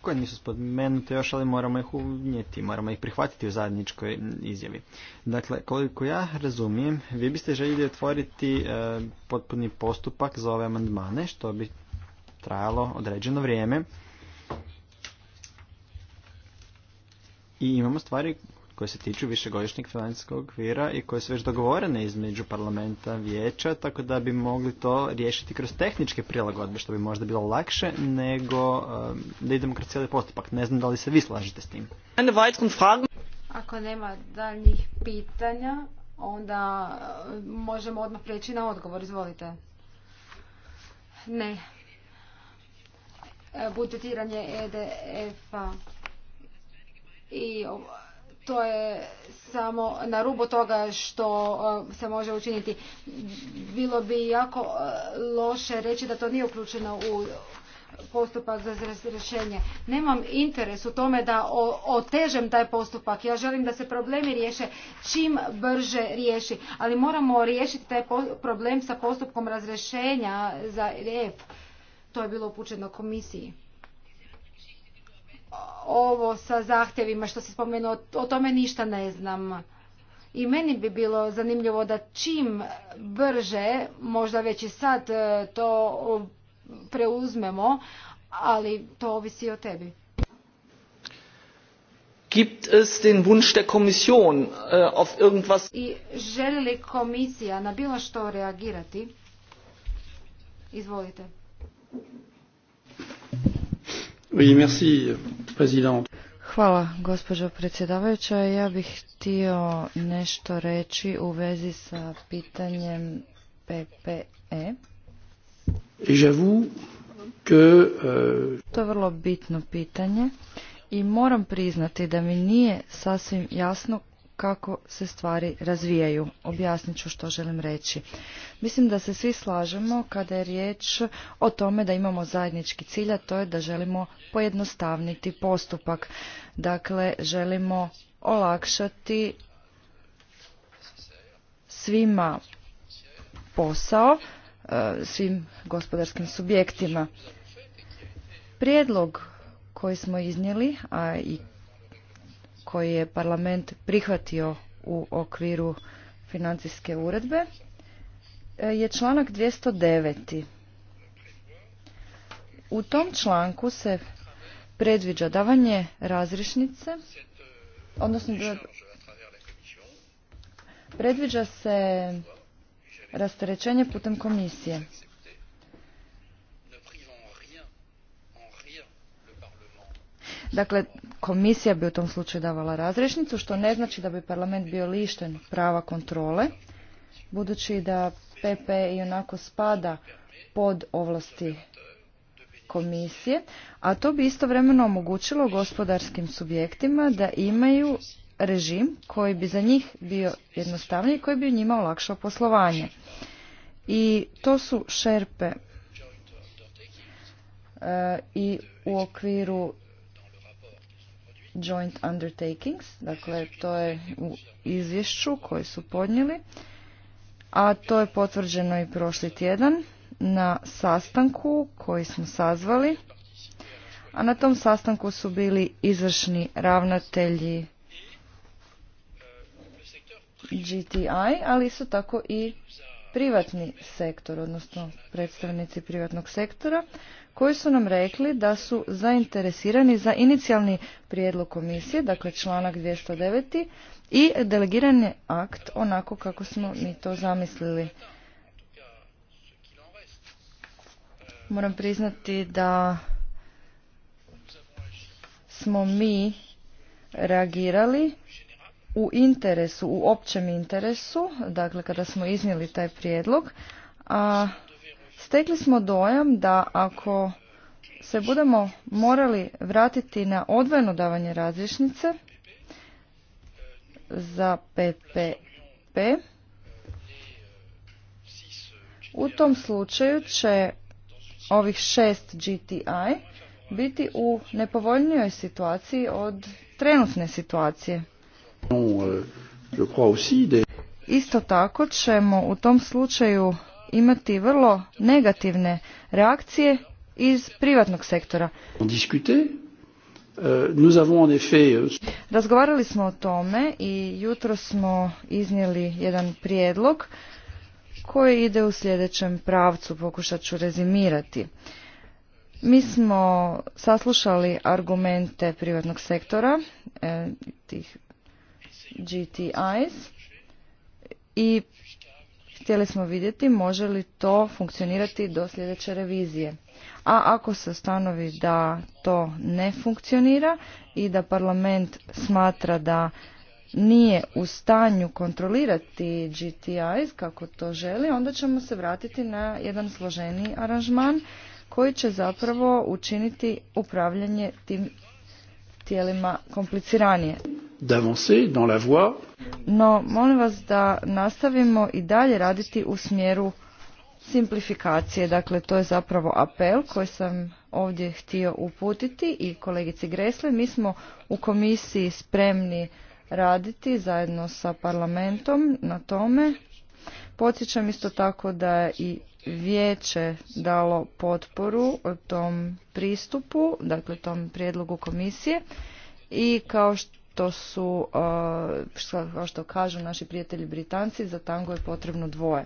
koje nisu spomenute još, ali moramo ih unijeti, moramo ih prihvatiti u zajedničkoj izjavi. Dakle, koliko ja razumijem, vi biste željeli otvoriti e, potpuni postupak za ove amandmane, što bi trajalo određeno vrijeme. I imamo stvari koje se tiču višegodišnjeg financijskog okvira i koje su već dogovorene između parlamenta vijeća, tako da bi mogli to riješiti kroz tehničke prilagodbe, što bi možda bilo lakše nego eh, da idemo kroz cijeli postupak. Ne znam da li se vi slažete s tim. Ako nema daljnjih pitanja, onda eh, možemo odmah prijeći na odgovor. Izvolite. Ne. Eh, budžetiranje EDF-a i to je samo na rubu toga što e, se može učiniti. Bilo bi jako e, loše reći da to nije uključeno u postupak za razrješenje. Nemam interes u tome da otežem taj postupak. Ja želim da se problemi riješe čim brže riješi. Ali moramo riješiti taj problem sa postupkom razrešenja za ref. To je bilo upućeno komisiji ovo sa zahtjevima što se spomenuo, o tome ništa ne znam. I meni bi bilo zanimljivo da čim brže, možda već i sad e, to preuzmemo, ali to ovisi o tebi. Gibt es den Wunsch der Kommission e, auf irgendwas? I želi li komisija na bilo što reagirati? Izvolite. Hvala, gospođo predsjedavajuća. Ja bih htio nešto reći u vezi sa pitanjem PPE. Euh, to je vrlo bitno pitanje i moram priznati da mi nije sasvim jasno kako se stvari razvijaju. Objasnit ću što želim reći. Mislim da se svi slažemo kada je riječ o tome da imamo zajednički cilj, a to je da želimo pojednostavniti postupak. Dakle, želimo olakšati svima posao, e, svim gospodarskim subjektima. Prijedlog koji smo iznijeli, a i koji je parlament prihvatio u okviru financijske uredbe e, je članak 209. U tom članku se predviđa davanje razrišnice, odnosno predviđa se rasterećenje putem komisije. Dakle, komisija bi u tom slučaju davala razrešnicu, što ne znači da bi parlament bio lišten prava kontrole, budući da PP i onako spada pod ovlasti komisije, a to bi istovremeno omogućilo gospodarskim subjektima da imaju režim koji bi za njih bio jednostavniji i koji bi njima olakšao poslovanje. I to su šerpe e, i u okviru joint undertakings, dakle to je u izvješću koji su podnijeli, a to je potvrđeno i prošli tjedan na sastanku koji smo sazvali, a na tom sastanku su bili izvršni ravnatelji GTI, ali isto tako i privatni sektor, odnosno predstavnici privatnog sektora koji su nam rekli da su zainteresirani za inicijalni prijedlog komisije, dakle članak 209. i delegirani akt onako kako smo mi to zamislili. Moram priznati da smo mi reagirali u interesu, u općem interesu, dakle kada smo iznijeli taj prijedlog, a stekli smo dojam da ako se budemo morali vratiti na odvojeno davanje različnice za PPP, u tom slučaju će ovih šest GTI biti u nepovoljnijoj situaciji od trenutne situacije. Euh, Isto tako ćemo u tom slučaju imati vrlo negativne reakcije iz privatnog sektora. Euh, euh, Razgovarali smo o tome i jutro smo iznijeli jedan prijedlog koji ide u sljedećem pravcu, pokušat ću rezimirati. Mi smo saslušali argumente privatnog sektora, eh, tih GTIs, i htjeli smo vidjeti može li to funkcionirati do sljedeće revizije. A ako se stanovi da to ne funkcionira i da parlament smatra da nije u stanju kontrolirati GTIs kako to želi, onda ćemo se vratiti na jedan složeni aranžman koji će zapravo učiniti upravljanje tim tijelima kompliciranije d'avancer dans la voie. No, molim vas da nastavimo i dalje raditi u smjeru simplifikacije. Dakle, to je zapravo apel koji sam ovdje htio uputiti i kolegici Gresle. Mi smo u komisiji spremni raditi zajedno sa parlamentom na tome. Podsjećam isto tako da je i vijeće dalo potporu tom pristupu, dakle tom prijedlogu komisije i kao što što su, e, kao što kažu naši prijatelji Britanci, za tango je potrebno dvoje.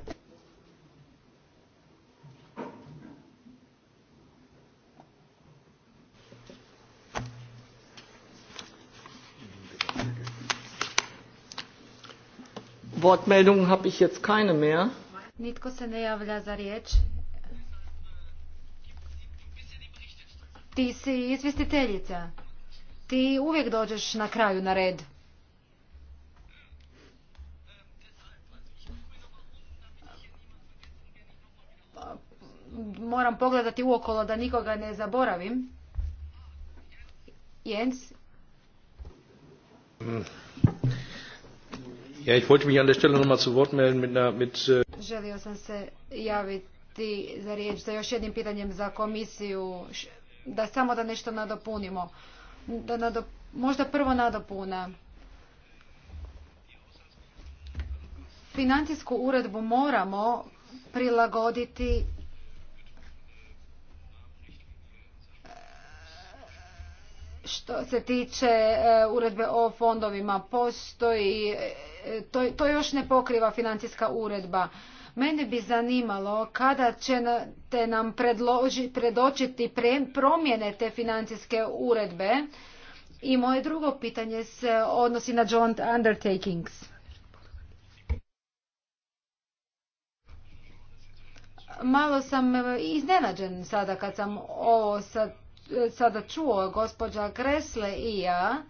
Wortmeldungen habe ich jetzt keine mehr. Nitko se ne javlja za riječ. Ti si izvjestiteljica ti uvijek dođeš na kraju na red. Moram pogledati uokolo da nikoga ne zaboravim. Jens? Ja, ich wollte mich an der Stelle nochmal zu Wort melden mit einer, mit, äh, Želio sam se javiti za riječ za još jednim pitanjem za komisiju, da samo da nešto nadopunimo možda prvo nadopuna. Financijsku uredbu moramo prilagoditi eh, što se tiče eh, uredbe o fondovima postoji eh, to još ne pokriva financijska uredba Mene bi zanimalo kada ćete nam predloži, predočiti promjene te financijske uredbe. I moje drugo pitanje se odnosi na joint undertakings. Malo sam e, iznenađen sada kad sam ovo sada čuo, gospođa Kresle i ja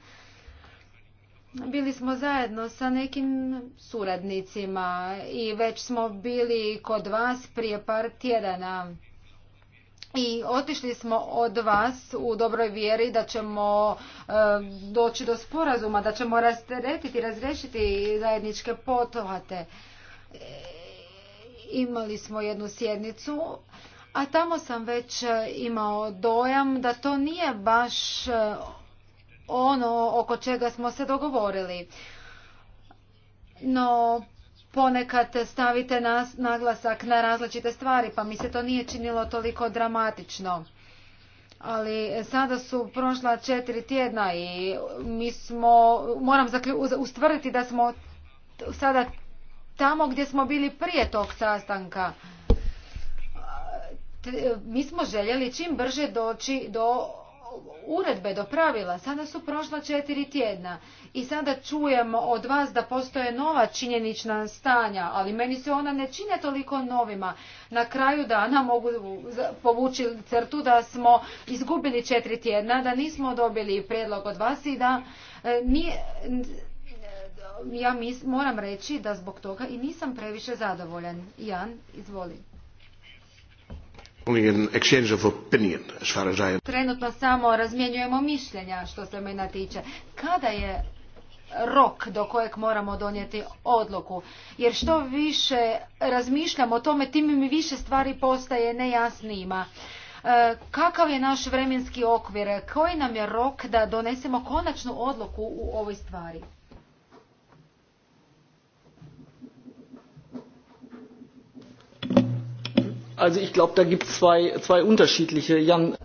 bili smo zajedno sa nekim suradnicima i već smo bili kod vas prije par tjedana. I otišli smo od vas u dobroj vjeri da ćemo e, doći do sporazuma, da ćemo rasteretiti, razrešiti zajedničke potohate. E, imali smo jednu sjednicu, a tamo sam već e, imao dojam da to nije baš ono oko čega smo se dogovorili. No, ponekad stavite nas, naglasak na različite stvari, pa mi se to nije činilo toliko dramatično. Ali sada su prošla četiri tjedna i mi smo, moram ustvrditi da smo sada tamo gdje smo bili prije tog sastanka. Mi smo željeli čim brže doći do uredbe do pravila sada su prošla četiri tjedna i sada čujemo od vas da postoje nova činjenična stanja, ali meni se ona ne čine toliko novima. Na kraju dana mogu povući crtu da smo izgubili četiri tjedna, da nismo dobili prijedlog od vas i da e, ja moram reći da zbog toga i nisam previše zadovoljan. Jan, izvoli. Trenutno samo razmjenjujemo mišljenja što se mene tiče. Kada je rok do kojeg moramo donijeti odluku? Jer što više razmišljamo o tome, tim mi više stvari postaje nejasnijima. E, kakav je naš vremenski okvir? Koji nam je rok da donesemo konačnu odluku u ovoj stvari? Also da gibt zwei, zwei unterschiedliche. Jan.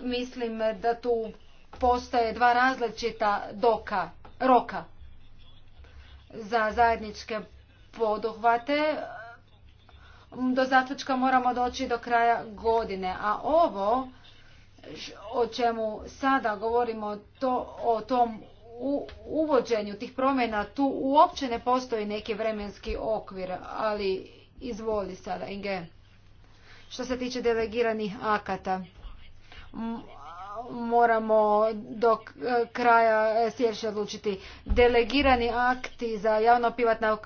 Mislim da tu postoje dva različita doka, roka za zajedničke poduhvate. Mm, do zaključka moramo doći do kraja godine, a ovo o čemu sada govorimo to, o tom u uvođenju tih promjena tu uopće ne postoji neki vremenski okvir, ali izvoli sada Inge. Što se tiče delegiranih akata, moramo do e, kraja e, siječnja odlučiti. Delegirani akti za javno-privatna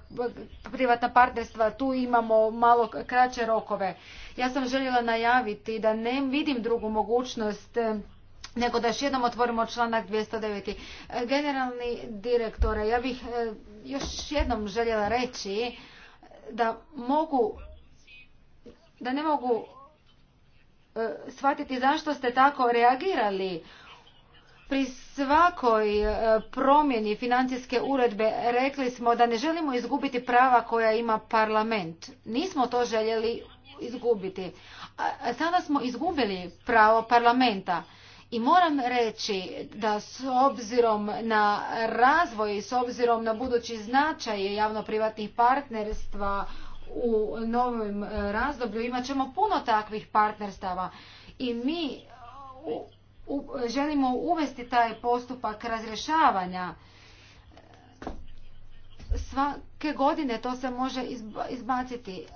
privatna partnerstva, tu imamo malo kraće rokove. Ja sam željela najaviti da ne vidim drugu mogućnost e, nego da još jednom otvorimo članak 209. Generalni direktore, ja bih još jednom željela reći da mogu da ne mogu e, shvatiti zašto ste tako reagirali. Pri svakoj e, promjeni financijske uredbe rekli smo da ne želimo izgubiti prava koja ima parlament. Nismo to željeli izgubiti. A sada smo izgubili pravo parlamenta. I moram reći da s obzirom na razvoj i s obzirom na budući značaj javno-privatnih partnerstva u novom e, razdoblju imat ćemo puno takvih partnerstava i mi e, želimo uvesti taj postupak razrješavanja svake godine to se može izbaciti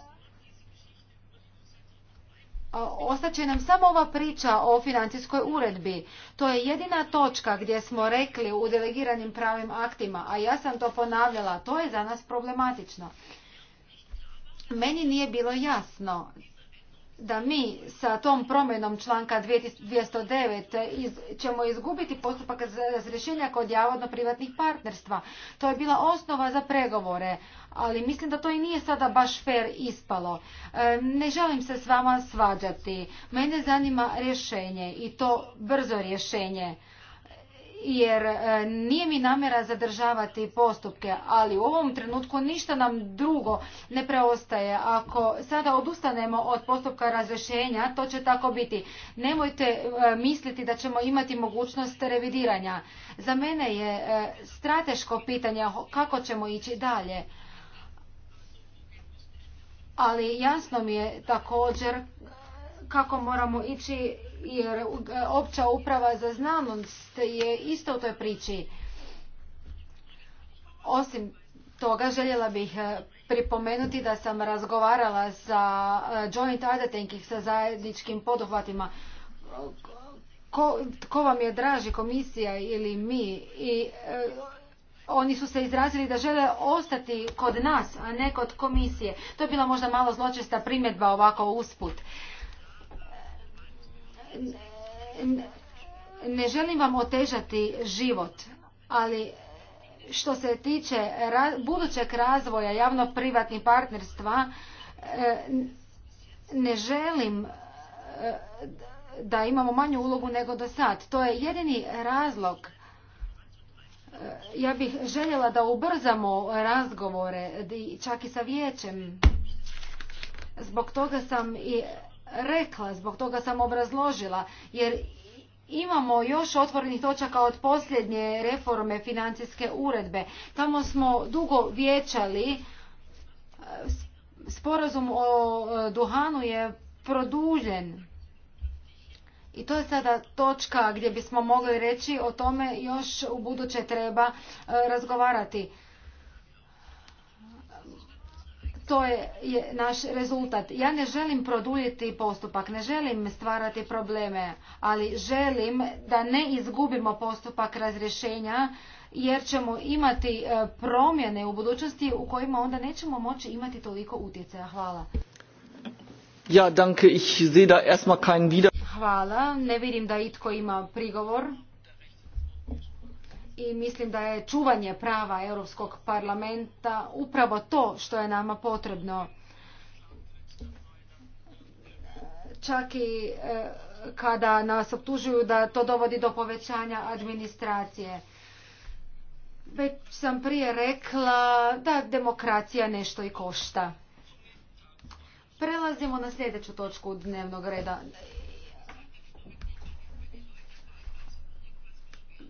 ostaće nam samo ova priča o financijskoj uredbi. To je jedina točka gdje smo rekli u delegiranim pravim aktima, a ja sam to ponavljala, to je za nas problematično. Meni nije bilo jasno da mi sa tom promjenom članka 209 ćemo izgubiti postupak razrješenja kod javodno-privatnih partnerstva. To je bila osnova za pregovore, ali mislim da to i nije sada baš fair ispalo. E, ne želim se s vama svađati. Mene zanima rješenje i to brzo rješenje jer e, nije mi namjera zadržavati postupke, ali u ovom trenutku ništa nam drugo ne preostaje. Ako sada odustanemo od postupka razrješenja, to će tako biti. Nemojte e, misliti da ćemo imati mogućnost revidiranja. Za mene je e, strateško pitanje kako ćemo ići dalje. Ali jasno mi je također kako moramo ići jer e, opća uprava za znanost je isto u toj priči. Osim toga željela bih e, pripomenuti da sam razgovarala sa e, joint undertaking, sa zajedničkim poduhvatima. Ko, vam je draži, komisija ili mi? I oni su se izrazili da žele ostati kod nas, a ne kod komisije. To je bila možda malo zločesta primjedba ovako usput ne želim vam otežati život, ali što se tiče budućeg razvoja javno-privatnih partnerstva, e, ne želim e, da imamo manju ulogu nego do sad. To je jedini razlog. E, ja bih željela da ubrzamo razgovore, čak i sa vijećem. Zbog toga sam i rekla, zbog toga sam obrazložila, jer imamo još otvorenih točaka od posljednje reforme financijske uredbe. Tamo smo dugo vječali, e, sporazum o e, duhanu je produžen. I to je sada točka gdje bismo mogli reći o tome još u buduće treba e, razgovarati to je, naš rezultat. Ja ne želim produljiti postupak, ne želim stvarati probleme, ali želim da ne izgubimo postupak razrješenja jer ćemo imati e, promjene u budućnosti u kojima onda nećemo moći imati toliko utjecaja. Hvala. Hvala, ne vidim da itko ima prigovor i mislim da je čuvanje prava Europskog parlamenta upravo to što je nama potrebno. Čak i e, kada nas optužuju da to dovodi do povećanja administracije. Već sam prije rekla da demokracija nešto i košta. Prelazimo na sljedeću točku dnevnog reda.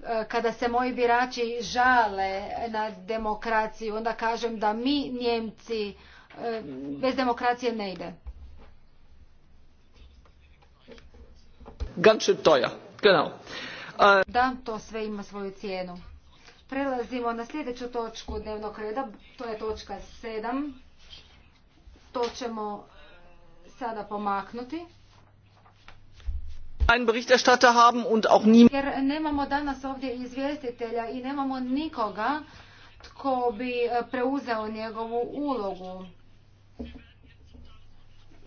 E, kada se moji birači žale na demokraciju, onda kažem da mi Njemci e, bez demokracije ne ide. E, da, to sve ima svoju cijenu. Prelazimo na sljedeću točku dnevnog reda, to je točka 7. To ćemo sada pomaknuti berichterstatter haben jer nemamo danas ovdje izvjestitelja i nemamo nikoga tko bi e, preuzeo njegovu ulogu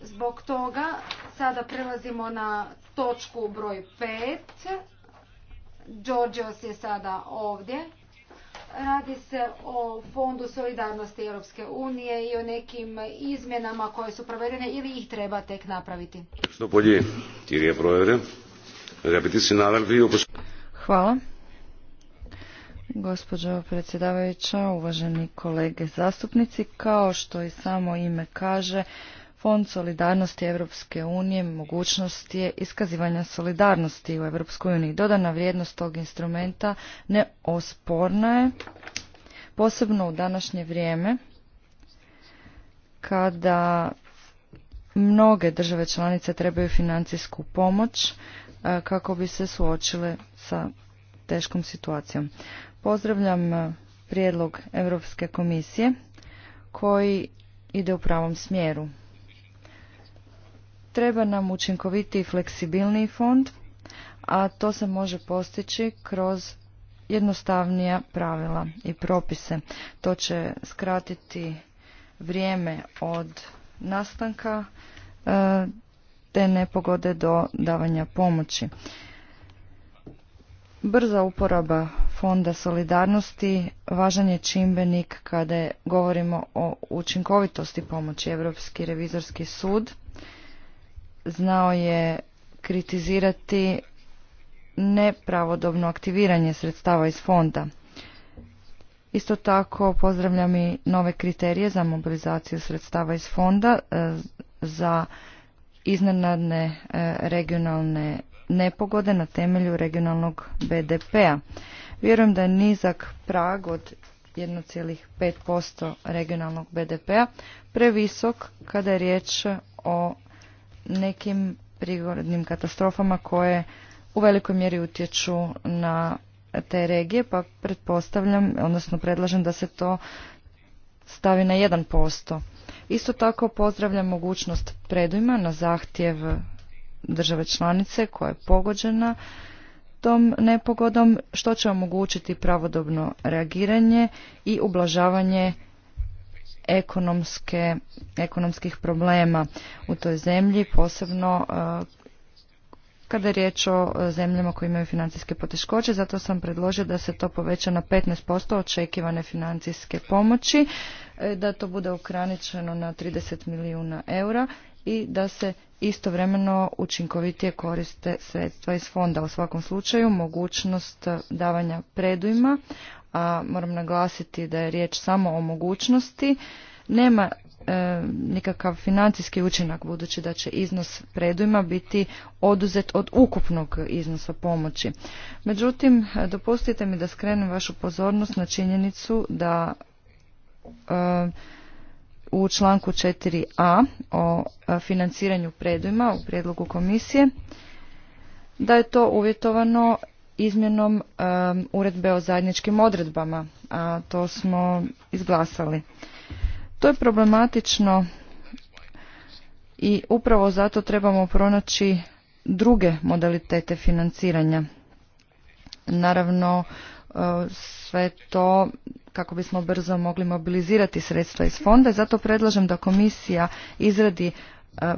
zbog toga sada prelazimo na točku broj pet. Georgios je sada ovdje Radi se o Fondu solidarnosti Europske unije i o nekim izmjenama koje su provedene ili ih treba tek napraviti. Hvala. Gospođo predsjedavajuća, uvaženi kolege zastupnici, kao što i samo ime kaže, Fond solidarnosti Europske unije mogućnost je iskazivanja solidarnosti u Europskoj uniji. Dodana vrijednost tog instrumenta neosporna je, posebno u današnje vrijeme, kada mnoge države članice trebaju financijsku pomoć e, kako bi se suočile sa teškom situacijom. Pozdravljam e, prijedlog Europske komisije koji ide u pravom smjeru. Treba nam učinkoviti i fleksibilniji fond, a to se može postići kroz jednostavnija pravila i propise. To će skratiti vrijeme od nastanka e, te nepogode do davanja pomoći. Brza uporaba Fonda solidarnosti važan je čimbenik kada govorimo o učinkovitosti pomoći Europski revizorski sud znao je kritizirati nepravodobno aktiviranje sredstava iz fonda. Isto tako pozdravljam i nove kriterije za mobilizaciju sredstava iz fonda e, za iznenadne e, regionalne nepogode na temelju regionalnog BDP-a. Vjerujem da je nizak prag od 1,5% regionalnog BDP-a previsok kada je riječ o nekim prigodnim katastrofama koje u velikoj mjeri utječu na te regije, pa pretpostavljam, odnosno predlažem da se to stavi na 1%. Isto tako pozdravljam mogućnost predujma na zahtjev države članice koja je pogođena tom nepogodom, što će omogućiti pravodobno reagiranje i ublažavanje ekonomske, ekonomskih problema u toj zemlji, posebno e, kada je riječ o zemljama koje imaju financijske poteškoće, zato sam predložio da se to poveća na 15% očekivane financijske pomoći, e, da to bude ograničeno na 30 milijuna eura i da se istovremeno učinkovitije koriste sredstva iz fonda. U svakom slučaju mogućnost davanja predujma a moram naglasiti da je riječ samo o mogućnosti, nema e, nikakav financijski učinak budući da će iznos predujma biti oduzet od ukupnog iznosa pomoći. Međutim, dopustite mi da skrenem vašu pozornost na činjenicu da e, u članku 4a o e, financiranju predujma u prijedlogu komisije da je to uvjetovano izmjenom uredbe o zajedničkim odredbama, a to smo izglasali. To je problematično i upravo zato trebamo pronaći druge modalitete financiranja. Naravno, e, sve to kako bismo brzo mogli mobilizirati sredstva iz fonda zato predlažem da komisija izradi e,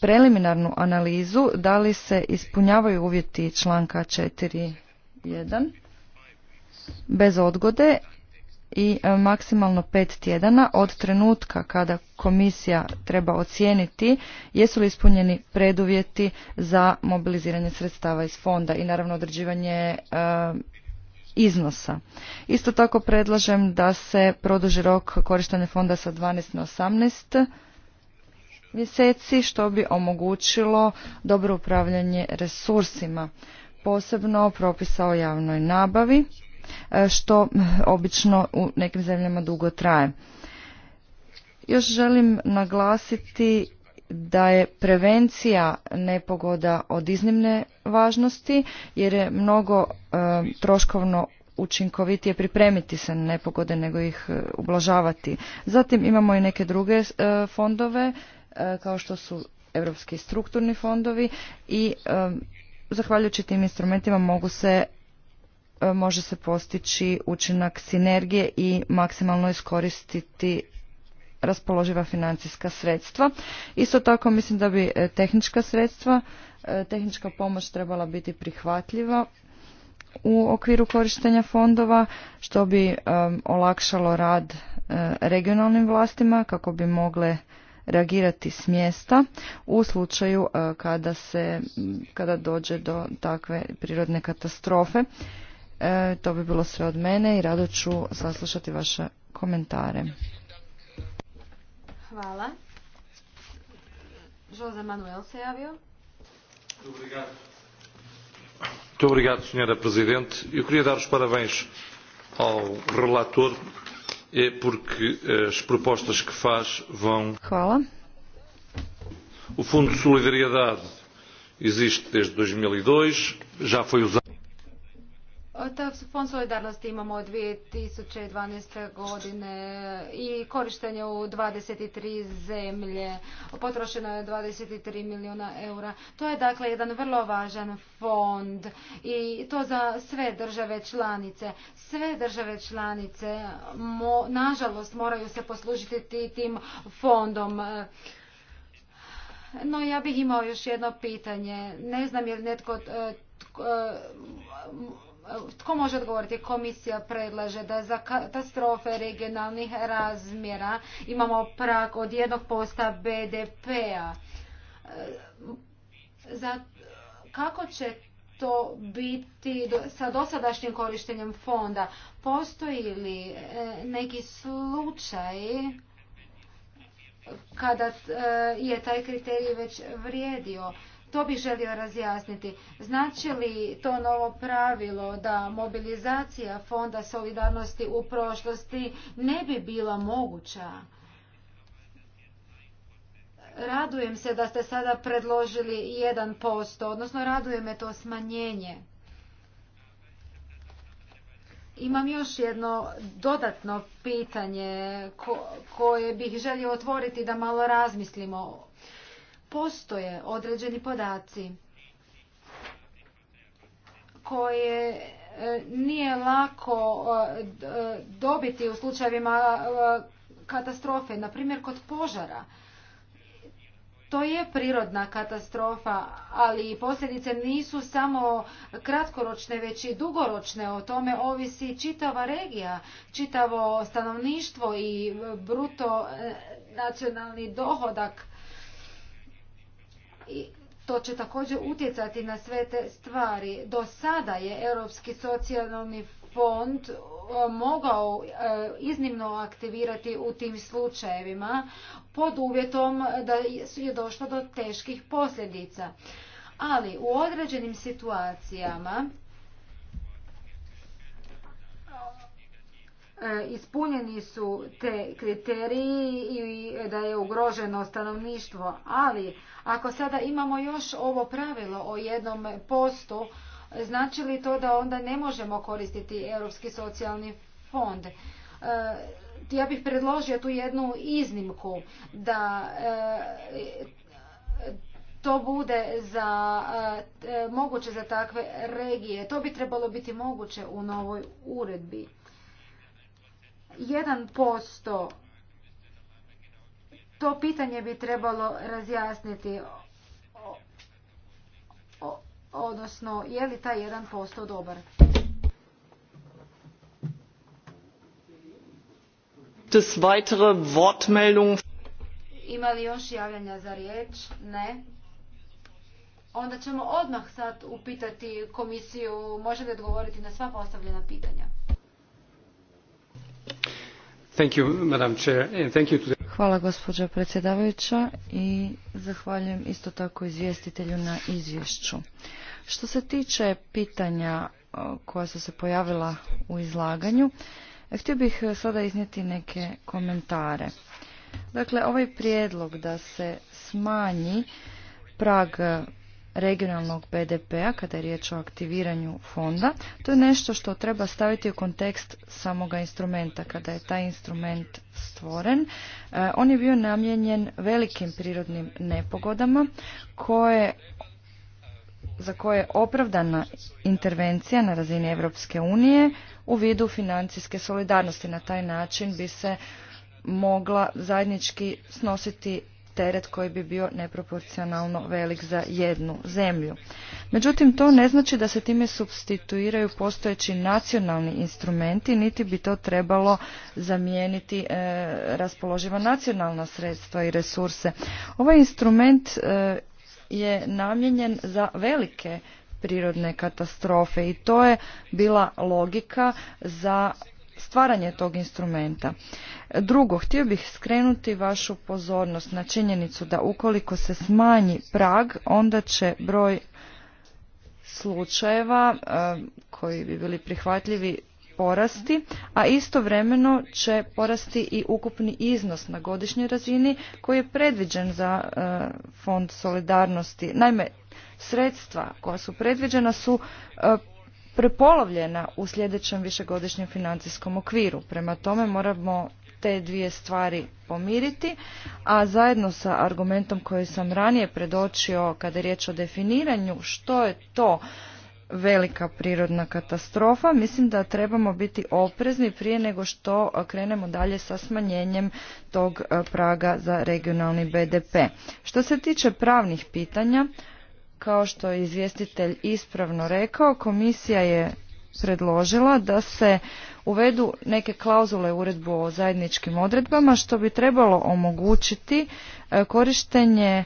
preliminarnu analizu da li se ispunjavaju uvjeti članka 4.1 bez odgode i e, maksimalno pet tjedana od trenutka kada komisija treba ocijeniti jesu li ispunjeni preduvjeti za mobiliziranje sredstava iz fonda i naravno određivanje e, iznosa. Isto tako predlažem da se produži rok korištenja fonda sa 12 na mjeseci što bi omogućilo dobro upravljanje resursima, posebno propisa o javnoj nabavi e, što eh, obično u nekim zemljama dugo traje. Još želim naglasiti da je prevencija nepogoda od iznimne važnosti jer je mnogo eh, troškovno učinkovitije pripremiti se na nepogode nego ih eh, ublažavati. Zatim imamo i neke druge fondove E, kao što su europski strukturni fondovi i e, zahvaljujući tim instrumentima mogu se e, može se postići učinak sinergije i maksimalno iskoristiti raspoloživa financijska sredstva. Isto tako mislim da bi tehnička sredstva, tehnička pomoć trebala biti prihvatljiva u okviru korištenja fondova, što bi olakšalo rad regionalnim vlastima kako bi mogle reagirati s mjesta u slučaju e, kada, se, kada dođe do takve prirodne katastrofe. E, to bi bilo sve od mene i rado ću saslušati vaše komentare. Hvala. Jose Manuel se javio. Obrigado. Muito obrigado, Sra. Presidente. Eu queria dar os parabéns ao relator É porque eh, as propostas que faz vão. O Fundo de Solidariedade existe desde 2002, e já foi usado. Ta fond solidarnosti imamo od 2012. godine i korištenje u 23 zemlje. Potrošeno je 23 milijuna eura. To je dakle jedan vrlo važan fond i to za sve države članice. Sve države članice nažalost moraju se poslužiti tim fondom. No ja bih imao još jedno pitanje. Ne znam je li netko e, tko može odgovoriti? Komisija predlaže da za katastrofe regionalnih razmjera imamo prag od jednog posta BDP-a. E, kako će to biti sa dosadašnjim korištenjem fonda? Postoji li e, neki slučaj kada e, je taj kriterij već vrijedio? To bih želio razjasniti. Znači li to novo pravilo da mobilizacija Fonda solidarnosti u prošlosti ne bi bila moguća? Radujem se da ste sada predložili 1%, odnosno raduje me to smanjenje. Imam još jedno dodatno pitanje koje bih želio otvoriti da malo razmislimo postoje određeni podaci koje e, nije lako e, e, dobiti u slučajevima katastrofe, na primjer kod požara. To je prirodna katastrofa, ali posljedice nisu samo kratkoročne, već i dugoročne. O tome ovisi čitava regija, čitavo stanovništvo i bruto nacionalni dohodak to će također utjecati na sve te stvari. Do sada je Europski socijalni fond e, mogao e, iznimno aktivirati u tim slučajevima pod uvjetom da je došlo do teških posljedica. Ali u određenim situacijama E, ispunjeni su te kriteriji i da je ugroženo stanovništvo, ali ako sada imamo još ovo pravilo o jednom postu, znači li to da onda ne možemo koristiti Europski socijalni fond? E, ja bih predložio tu jednu iznimku da e, to bude za, moguće za takve regije. To bi trebalo biti moguće u novoj uredbi. 1%. To pitanje bi trebalo razjasniti, odnosno je li taj 1% dobar. Ima li još javljanja za riječ? Ne. Onda ćemo odmah sad upitati komisiju, može li odgovoriti na sva postavljena pitanja. Hvala gospođo predsjedavajuća i zahvaljujem isto tako izvjestitelju na izvješću. Što se tiče pitanja koja su se pojavila u izlaganju, htio bih e, sada iznijeti neke komentare. Dakle, ovaj prijedlog da se smanji prag regionalnog BDP-a kada je riječ o aktiviranju fonda. To je nešto što treba staviti u kontekst samoga instrumenta. Kada je taj instrument stvoren, e, on je bio namijenjen velikim prirodnim nepogodama koje za koje je opravdana intervencija na razini Europske unije u vidu financijske solidarnosti. Na taj način bi se mogla zajednički snositi teret koji bi bio neproporcionalno velik za jednu zemlju. Međutim, to ne znači da se time substituiraju postojeći nacionalni instrumenti, niti bi to trebalo zamijeniti e, raspoloživa nacionalna sredstva i resurse. Ovaj instrument e, je namijenjen za velike prirodne katastrofe i to je bila logika za stvaranje tog instrumenta. Drugo, htio bih skrenuti vašu pozornost na činjenicu da ukoliko se smanji prag, onda će broj slučajeva e, koji bi bili prihvatljivi porasti, a istovremeno će porasti i ukupni iznos na godišnjoj razini koji je predviđen za e, fond solidarnosti. Naime, sredstva koja su predviđena su e, prepolovljena u sljedećem višegodišnjem financijskom okviru. Prema tome moramo te dvije stvari pomiriti, a zajedno sa argumentom koji sam ranije predočio kada je riječ o definiranju što je to velika prirodna katastrofa, mislim da trebamo biti oprezni prije nego što krenemo dalje sa smanjenjem tog eh, praga za regionalni BDP. Što se tiče pravnih pitanja, kao što je izvjestitelj ispravno rekao, komisija je predložila da se uvedu neke klauzule uredbu o zajedničkim odredbama što bi trebalo omogućiti e, korištenje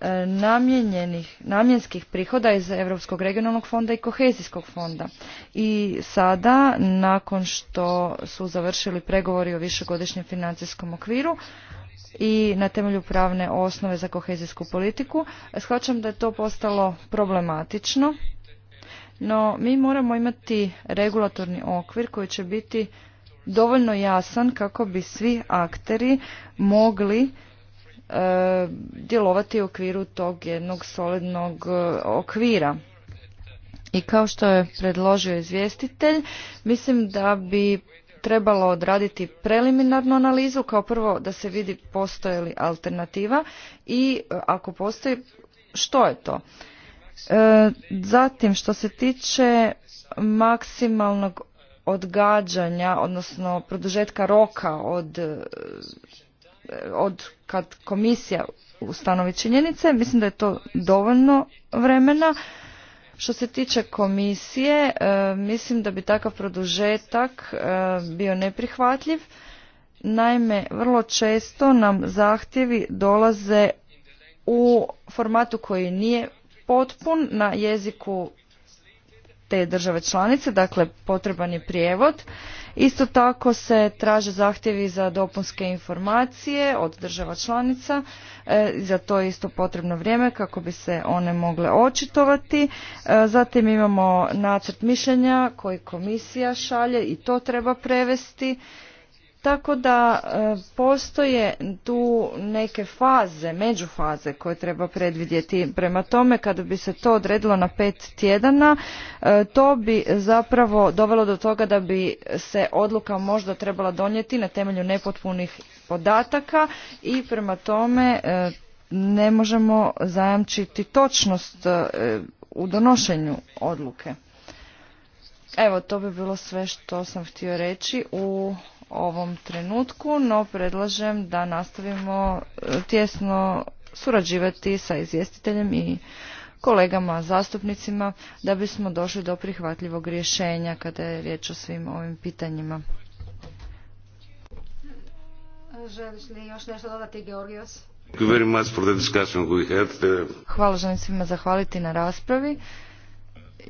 e, namijenjenih, namjenskih prihoda iz Europskog regionalnog fonda i kohezijskog fonda. I sada, nakon što su završili pregovori o višegodišnjem financijskom okviru, i na temelju pravne osnove za kohezijsku politiku. Shvaćam da je to postalo problematično, no mi moramo imati regulatorni okvir koji će biti dovoljno jasan kako bi svi akteri mogli e, djelovati u okviru tog jednog solidnog e, okvira. I kao što je predložio izvjestitelj, mislim da bi trebalo odraditi preliminarnu analizu, kao prvo da se vidi postoje li alternativa i e, ako postoji što je to. E, zatim što se tiče maksimalnog odgađanja, odnosno produžetka roka od, e, od kad komisija ustanovi činjenice, mislim da je to dovoljno vremena što se tiče komisije, e, mislim da bi takav produžetak e, bio neprihvatljiv. Naime, vrlo često nam zahtjevi dolaze u formatu koji nije potpun na jeziku te države članice, dakle potreban je prijevod. Isto tako se traže zahtjevi za dopunske informacije od država članica, e, za to je isto potrebno vrijeme kako bi se one mogle očitovati. E, zatim imamo nacrt mišljenja koji komisija šalje i to treba prevesti tako da e, postoje tu neke faze, međufaze koje treba predvidjeti. Prema tome, kada bi se to odredilo na pet tjedana, e, to bi zapravo dovelo do toga da bi se odluka možda trebala donijeti na temelju nepotpunih podataka i prema tome e, ne možemo zajamčiti točnost u donošenju odluke. Evo, to bi bilo sve što sam htio reći u ovom trenutku, no predlažem da nastavimo e, tjesno surađivati sa izvjestiteljem i kolegama zastupnicima da bismo došli do prihvatljivog rješenja kada je riječ o svim ovim pitanjima. Želiš uh, Hvala, želim svima zahvaliti na raspravi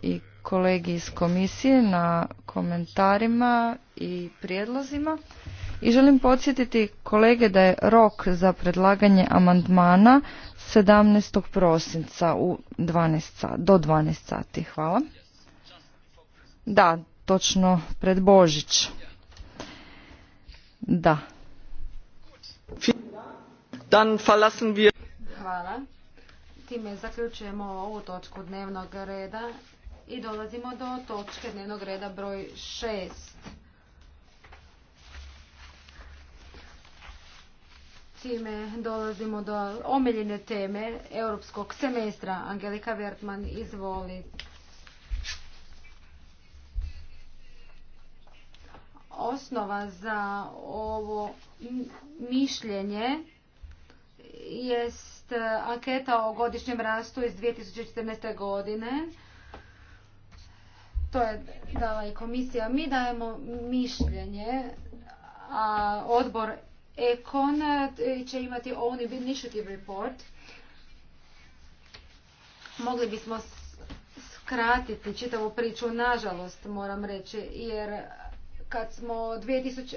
i kolegi iz komisije na komentarima i prijedlozima. I želim podsjetiti kolege da je rok za predlaganje amandmana 17. prosinca u 12 do 12 sati. Hvala. Da, točno pred Božić. Da. Dan Hvala. Time zaključujemo ovu točku dnevnog reda i dolazimo do točke dnevnog reda broj 6. Time dolazimo do omiljene teme europskog semestra. Angelika Vertman, izvoli. Osnova za ovo mišljenje jest e, anketa o godišnjem rastu iz 2014. godine to je dala i komisija. Mi dajemo mišljenje, a odbor Econ e, će imati own initiative report. Mogli bismo skratiti čitavu priču, nažalost moram reći, jer kad smo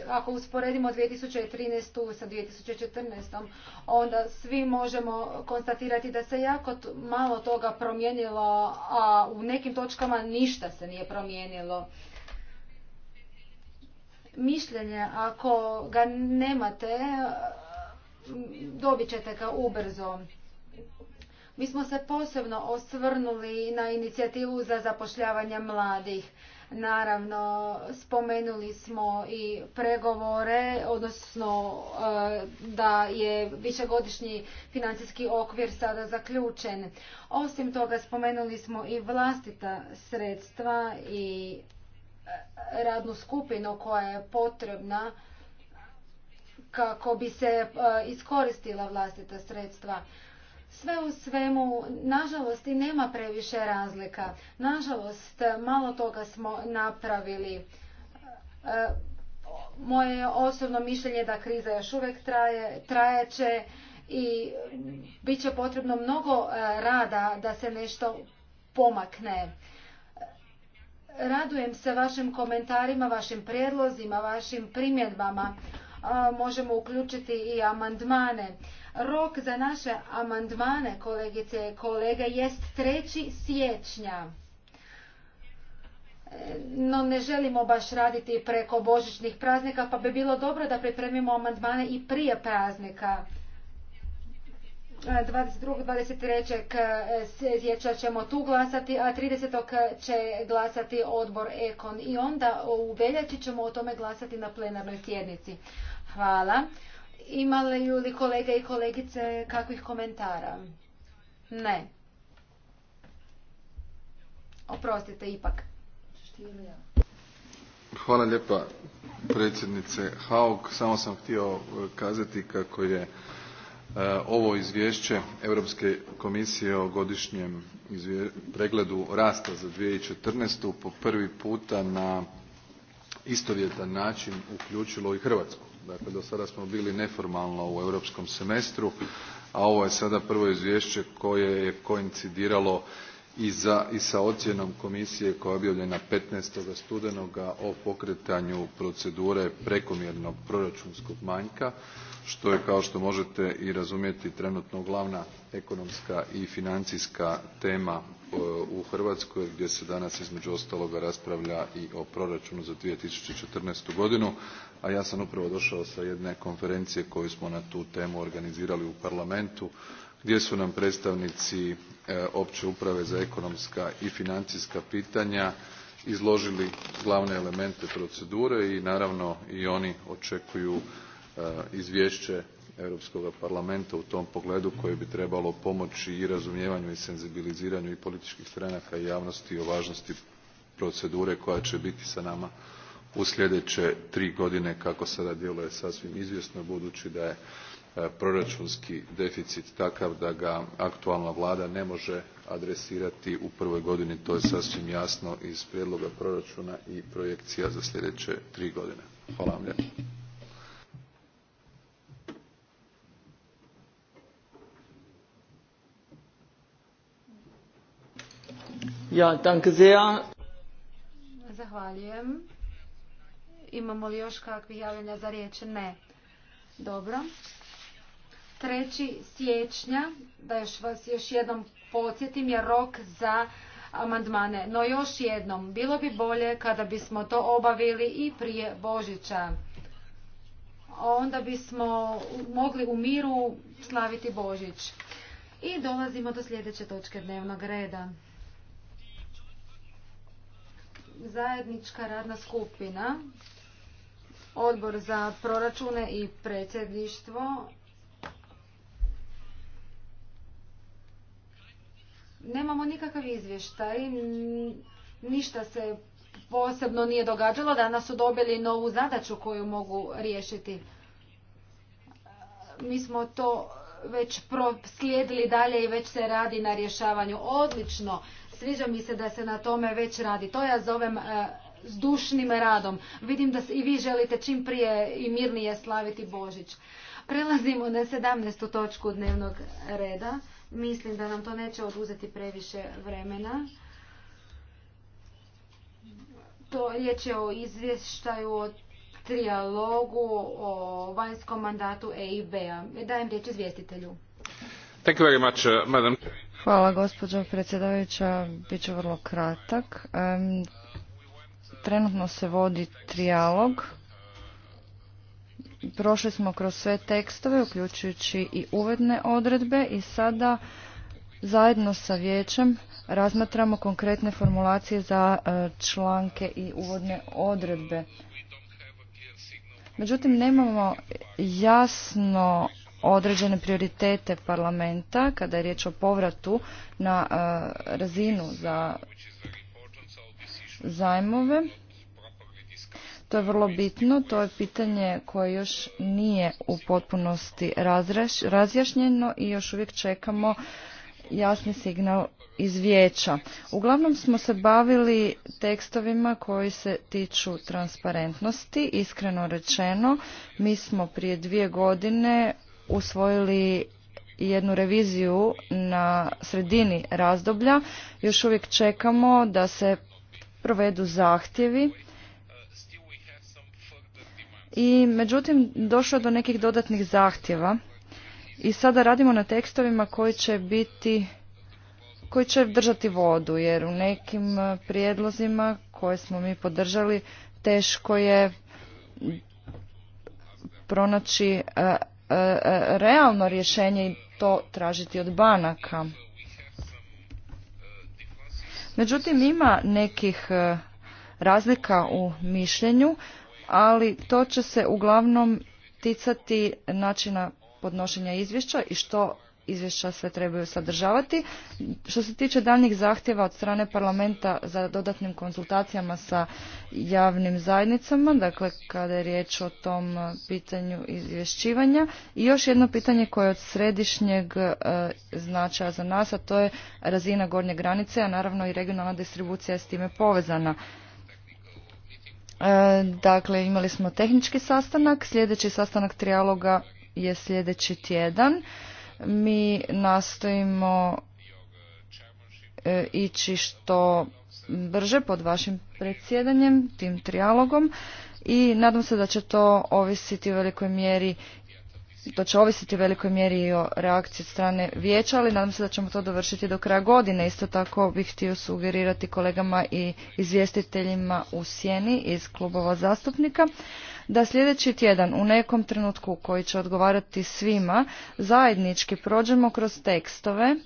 ako usporedimo 2013. sa 2014. onda svi možemo konstatirati da se jako malo toga promijenilo, a u nekim točkama ništa se nije promijenilo. Mišljenje, ako ga nemate, dobit ćete ga ubrzo. Mi smo se posebno osvrnuli na inicijativu za zapošljavanje mladih Naravno, spomenuli smo i pregovore, odnosno e, da je višegodišnji financijski okvir sada zaključen. Osim toga, spomenuli smo i vlastita sredstva i e, radnu skupinu koja je potrebna kako bi se e, iskoristila vlastita sredstva. Sve u svemu, nažalost, i nema previše razlika. Nažalost, malo toga smo napravili. E, moje osobno mišljenje da kriza još uvijek traje, trajeće i bit će potrebno mnogo e, rada da se nešto pomakne. E, radujem se vašim komentarima, vašim prijedlozima, vašim primjedbama. Možemo uključiti i amandmane. Rok za naše amandmane, kolegice i kolege, jest 3. siječnja. No ne želimo baš raditi preko božićnih praznika, pa bi bilo dobro da pripremimo amandmane i prije praznika. 22. 23. sjeća ćemo tu glasati, a 30. će glasati odbor Ekon i onda u veljači ćemo o tome glasati na plenarnoj sjednici. Hvala. Imali li kolege i kolegice kakvih komentara? Ne. Oprostite ipak. Hvala lijepa predsjednice Haug. Samo sam htio e, kazati kako je e, ovo izvješće Europske komisije o godišnjem pregledu rasta za 2014. po prvi puta na istovjetan način uključilo i Hrvatsku Dakle, do sada smo bili neformalno u europskom semestru, a ovo je sada prvo izvješće koje je koincidiralo i, sa ocjenom komisije koja je objavljena 15. studenoga o pokretanju procedure prekomjernog proračunskog manjka, što je kao što možete i razumjeti trenutno glavna ekonomska i financijska tema u Hrvatskoj gdje se danas između ostaloga raspravlja i o proračunu za 2014. godinu, a ja sam upravo došao sa jedne konferencije koju smo na tu temu organizirali u parlamentu gdje su nam predstavnici e, opće uprave za ekonomska i financijska pitanja izložili glavne elemente procedure i naravno i oni očekuju e, izvješće Europskog parlamenta u tom pogledu koje bi trebalo pomoći i razumijevanju i senzibiliziranju i političkih stranaka i javnosti o važnosti procedure koja će biti sa nama u sljedeće tri godine kako sada djeluje sasvim izvjesno budući da je e, proračunski deficit takav da ga aktualna vlada ne može adresirati u prvoj godini to je sasvim jasno iz prijedloga proračuna i projekcija za sljedeće tri godine. Hvala vam Ja, danke sehr. Zahvaljujem. Imamo li još kakvi javljenja za riječ? Ne. Dobro. Treći siječnja, da još vas još jednom podsjetim, je rok za amandmane. No još jednom, bilo bi bolje kada bismo to obavili i prije Božića. Onda bismo mogli u miru slaviti Božić. I dolazimo do sljedeće točke dnevnog reda zajednička radna skupina, odbor za proračune i predsjedništvo. Nemamo nikakav izvještaj, ništa se posebno nije događalo, danas su dobili novu zadaću koju mogu riješiti. Mi smo to već slijedili dalje i već se radi na rješavanju. Odlično, Sviđa mi se da se na tome već radi. To ja zovem e, zdušnim radom. Vidim da i vi želite čim prije i mirnije slaviti Božić. Prelazimo na 17. točku dnevnog reda. Mislim da nam to neće oduzeti previše vremena. To riječ je o izvještaju o trijalogu o vanjskom mandatu EIB-a. Dajem riječ izvjestitelju. Uh, Hvala gospođo predsjedavajuća, bit ću vrlo kratak. Trenutno se vodi trijalog. Prošli smo kroz sve tekstove, uključujući i uvedne odredbe i sada zajedno sa vijećem razmatramo konkretne formulacije za e, članke i uvodne odredbe. Međutim, nemamo jasno određene prioritete parlamenta kada je riječ o povratu na e, razinu za zajmove. To je vrlo bitno, to je pitanje koje još nije u potpunosti razjašnjeno i još uvijek čekamo jasni signal iz vijeća. Uglavnom smo se bavili tekstovima koji se tiču transparentnosti. Iskreno rečeno, mi smo prije dvije godine usvojili jednu reviziju na sredini razdoblja. Još uvijek čekamo da se provedu zahtjevi. I međutim, došlo do nekih dodatnih zahtjeva. I sada radimo na tekstovima koji će biti koji će držati vodu, jer u nekim prijedlozima koje smo mi podržali teško je pronaći e, E, e, realno rješenje i to tražiti od banaka. Međutim, ima nekih e, razlika u mišljenju, ali to će se uglavnom ticati načina podnošenja izvješća i što izvješća sve trebaju sadržavati. Što se tiče daljnjih zahtjeva od strane parlamenta za dodatnim konzultacijama sa javnim zajednicama, dakle kada je riječ o tom pitanju izvješćivanja. I još jedno pitanje koje je od središnjeg e, značaja za nas, a to je razina gornje granice, a naravno i regionalna distribucija je s time povezana. E, dakle, imali smo tehnički sastanak, sljedeći sastanak trijaloga je sljedeći tjedan mi nastojimo e, ići što brže pod vašim predsjedanjem, tim trijalogom i nadam se da će to ovisiti u velikoj mjeri to će ovisiti u velikoj mjeri i o reakciji strane vijeća, ali nadam se da ćemo to dovršiti do kraja godine. Isto tako bih htio sugerirati kolegama i izvjestiteljima u sjeni iz klubova zastupnika da sljedeći tjedan u nekom trenutku koji će odgovarati svima zajednički prođemo kroz tekstove, e,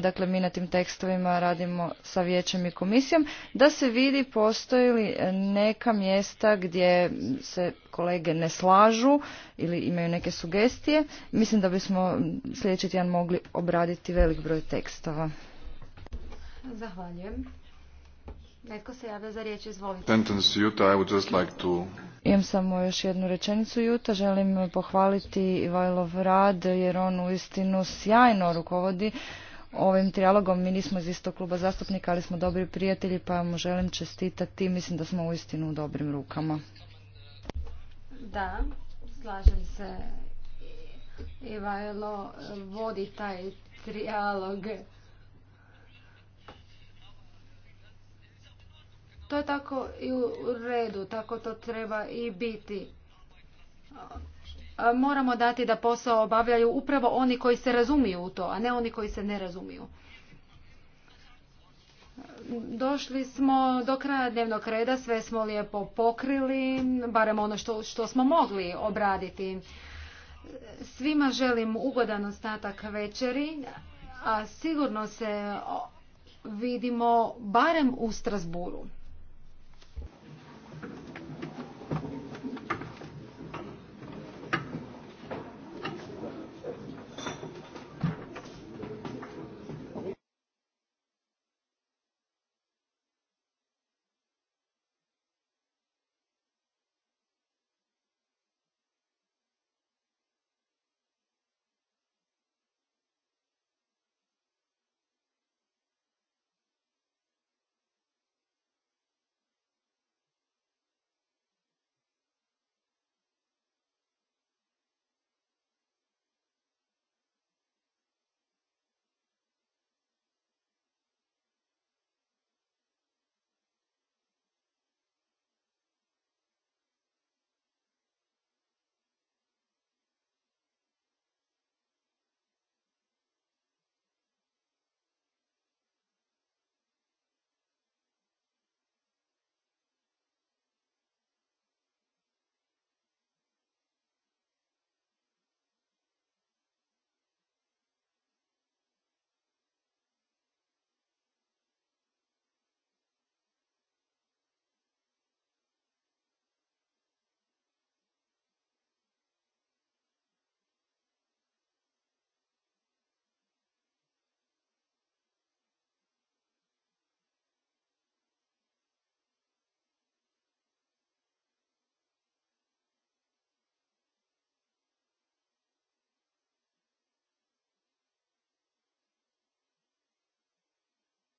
dakle mi na tim tekstovima radimo sa vijećem i komisijom, da se vidi postoji li neka mjesta gdje se kolege ne slažu ili imaju neke sugestije. Mislim da bismo sljedeći tjedan mogli obraditi velik broj tekstova. Zahvaljujem. Netko se javlja za riječ, izvolite. Imam samo još jednu rečenicu, Juta. Želim pohvaliti Ivajlov rad, jer on uistinu sjajno rukovodi ovim trijalogom. Mi nismo iz istog kluba zastupnika, ali smo dobri prijatelji, pa mu želim čestitati. Mislim da smo uistinu u dobrim rukama. Da, slažem se. Ivajlo vodi taj trijalog To je tako i u redu, tako to treba i biti. Moramo dati da posao obavljaju upravo oni koji se razumiju u to, a ne oni koji se ne razumiju. Došli smo do kraja dnevnog reda, sve smo lijepo pokrili, barem ono što, što smo mogli obraditi. Svima želim ugodan ostatak večeri, a sigurno se vidimo barem u Strasburu.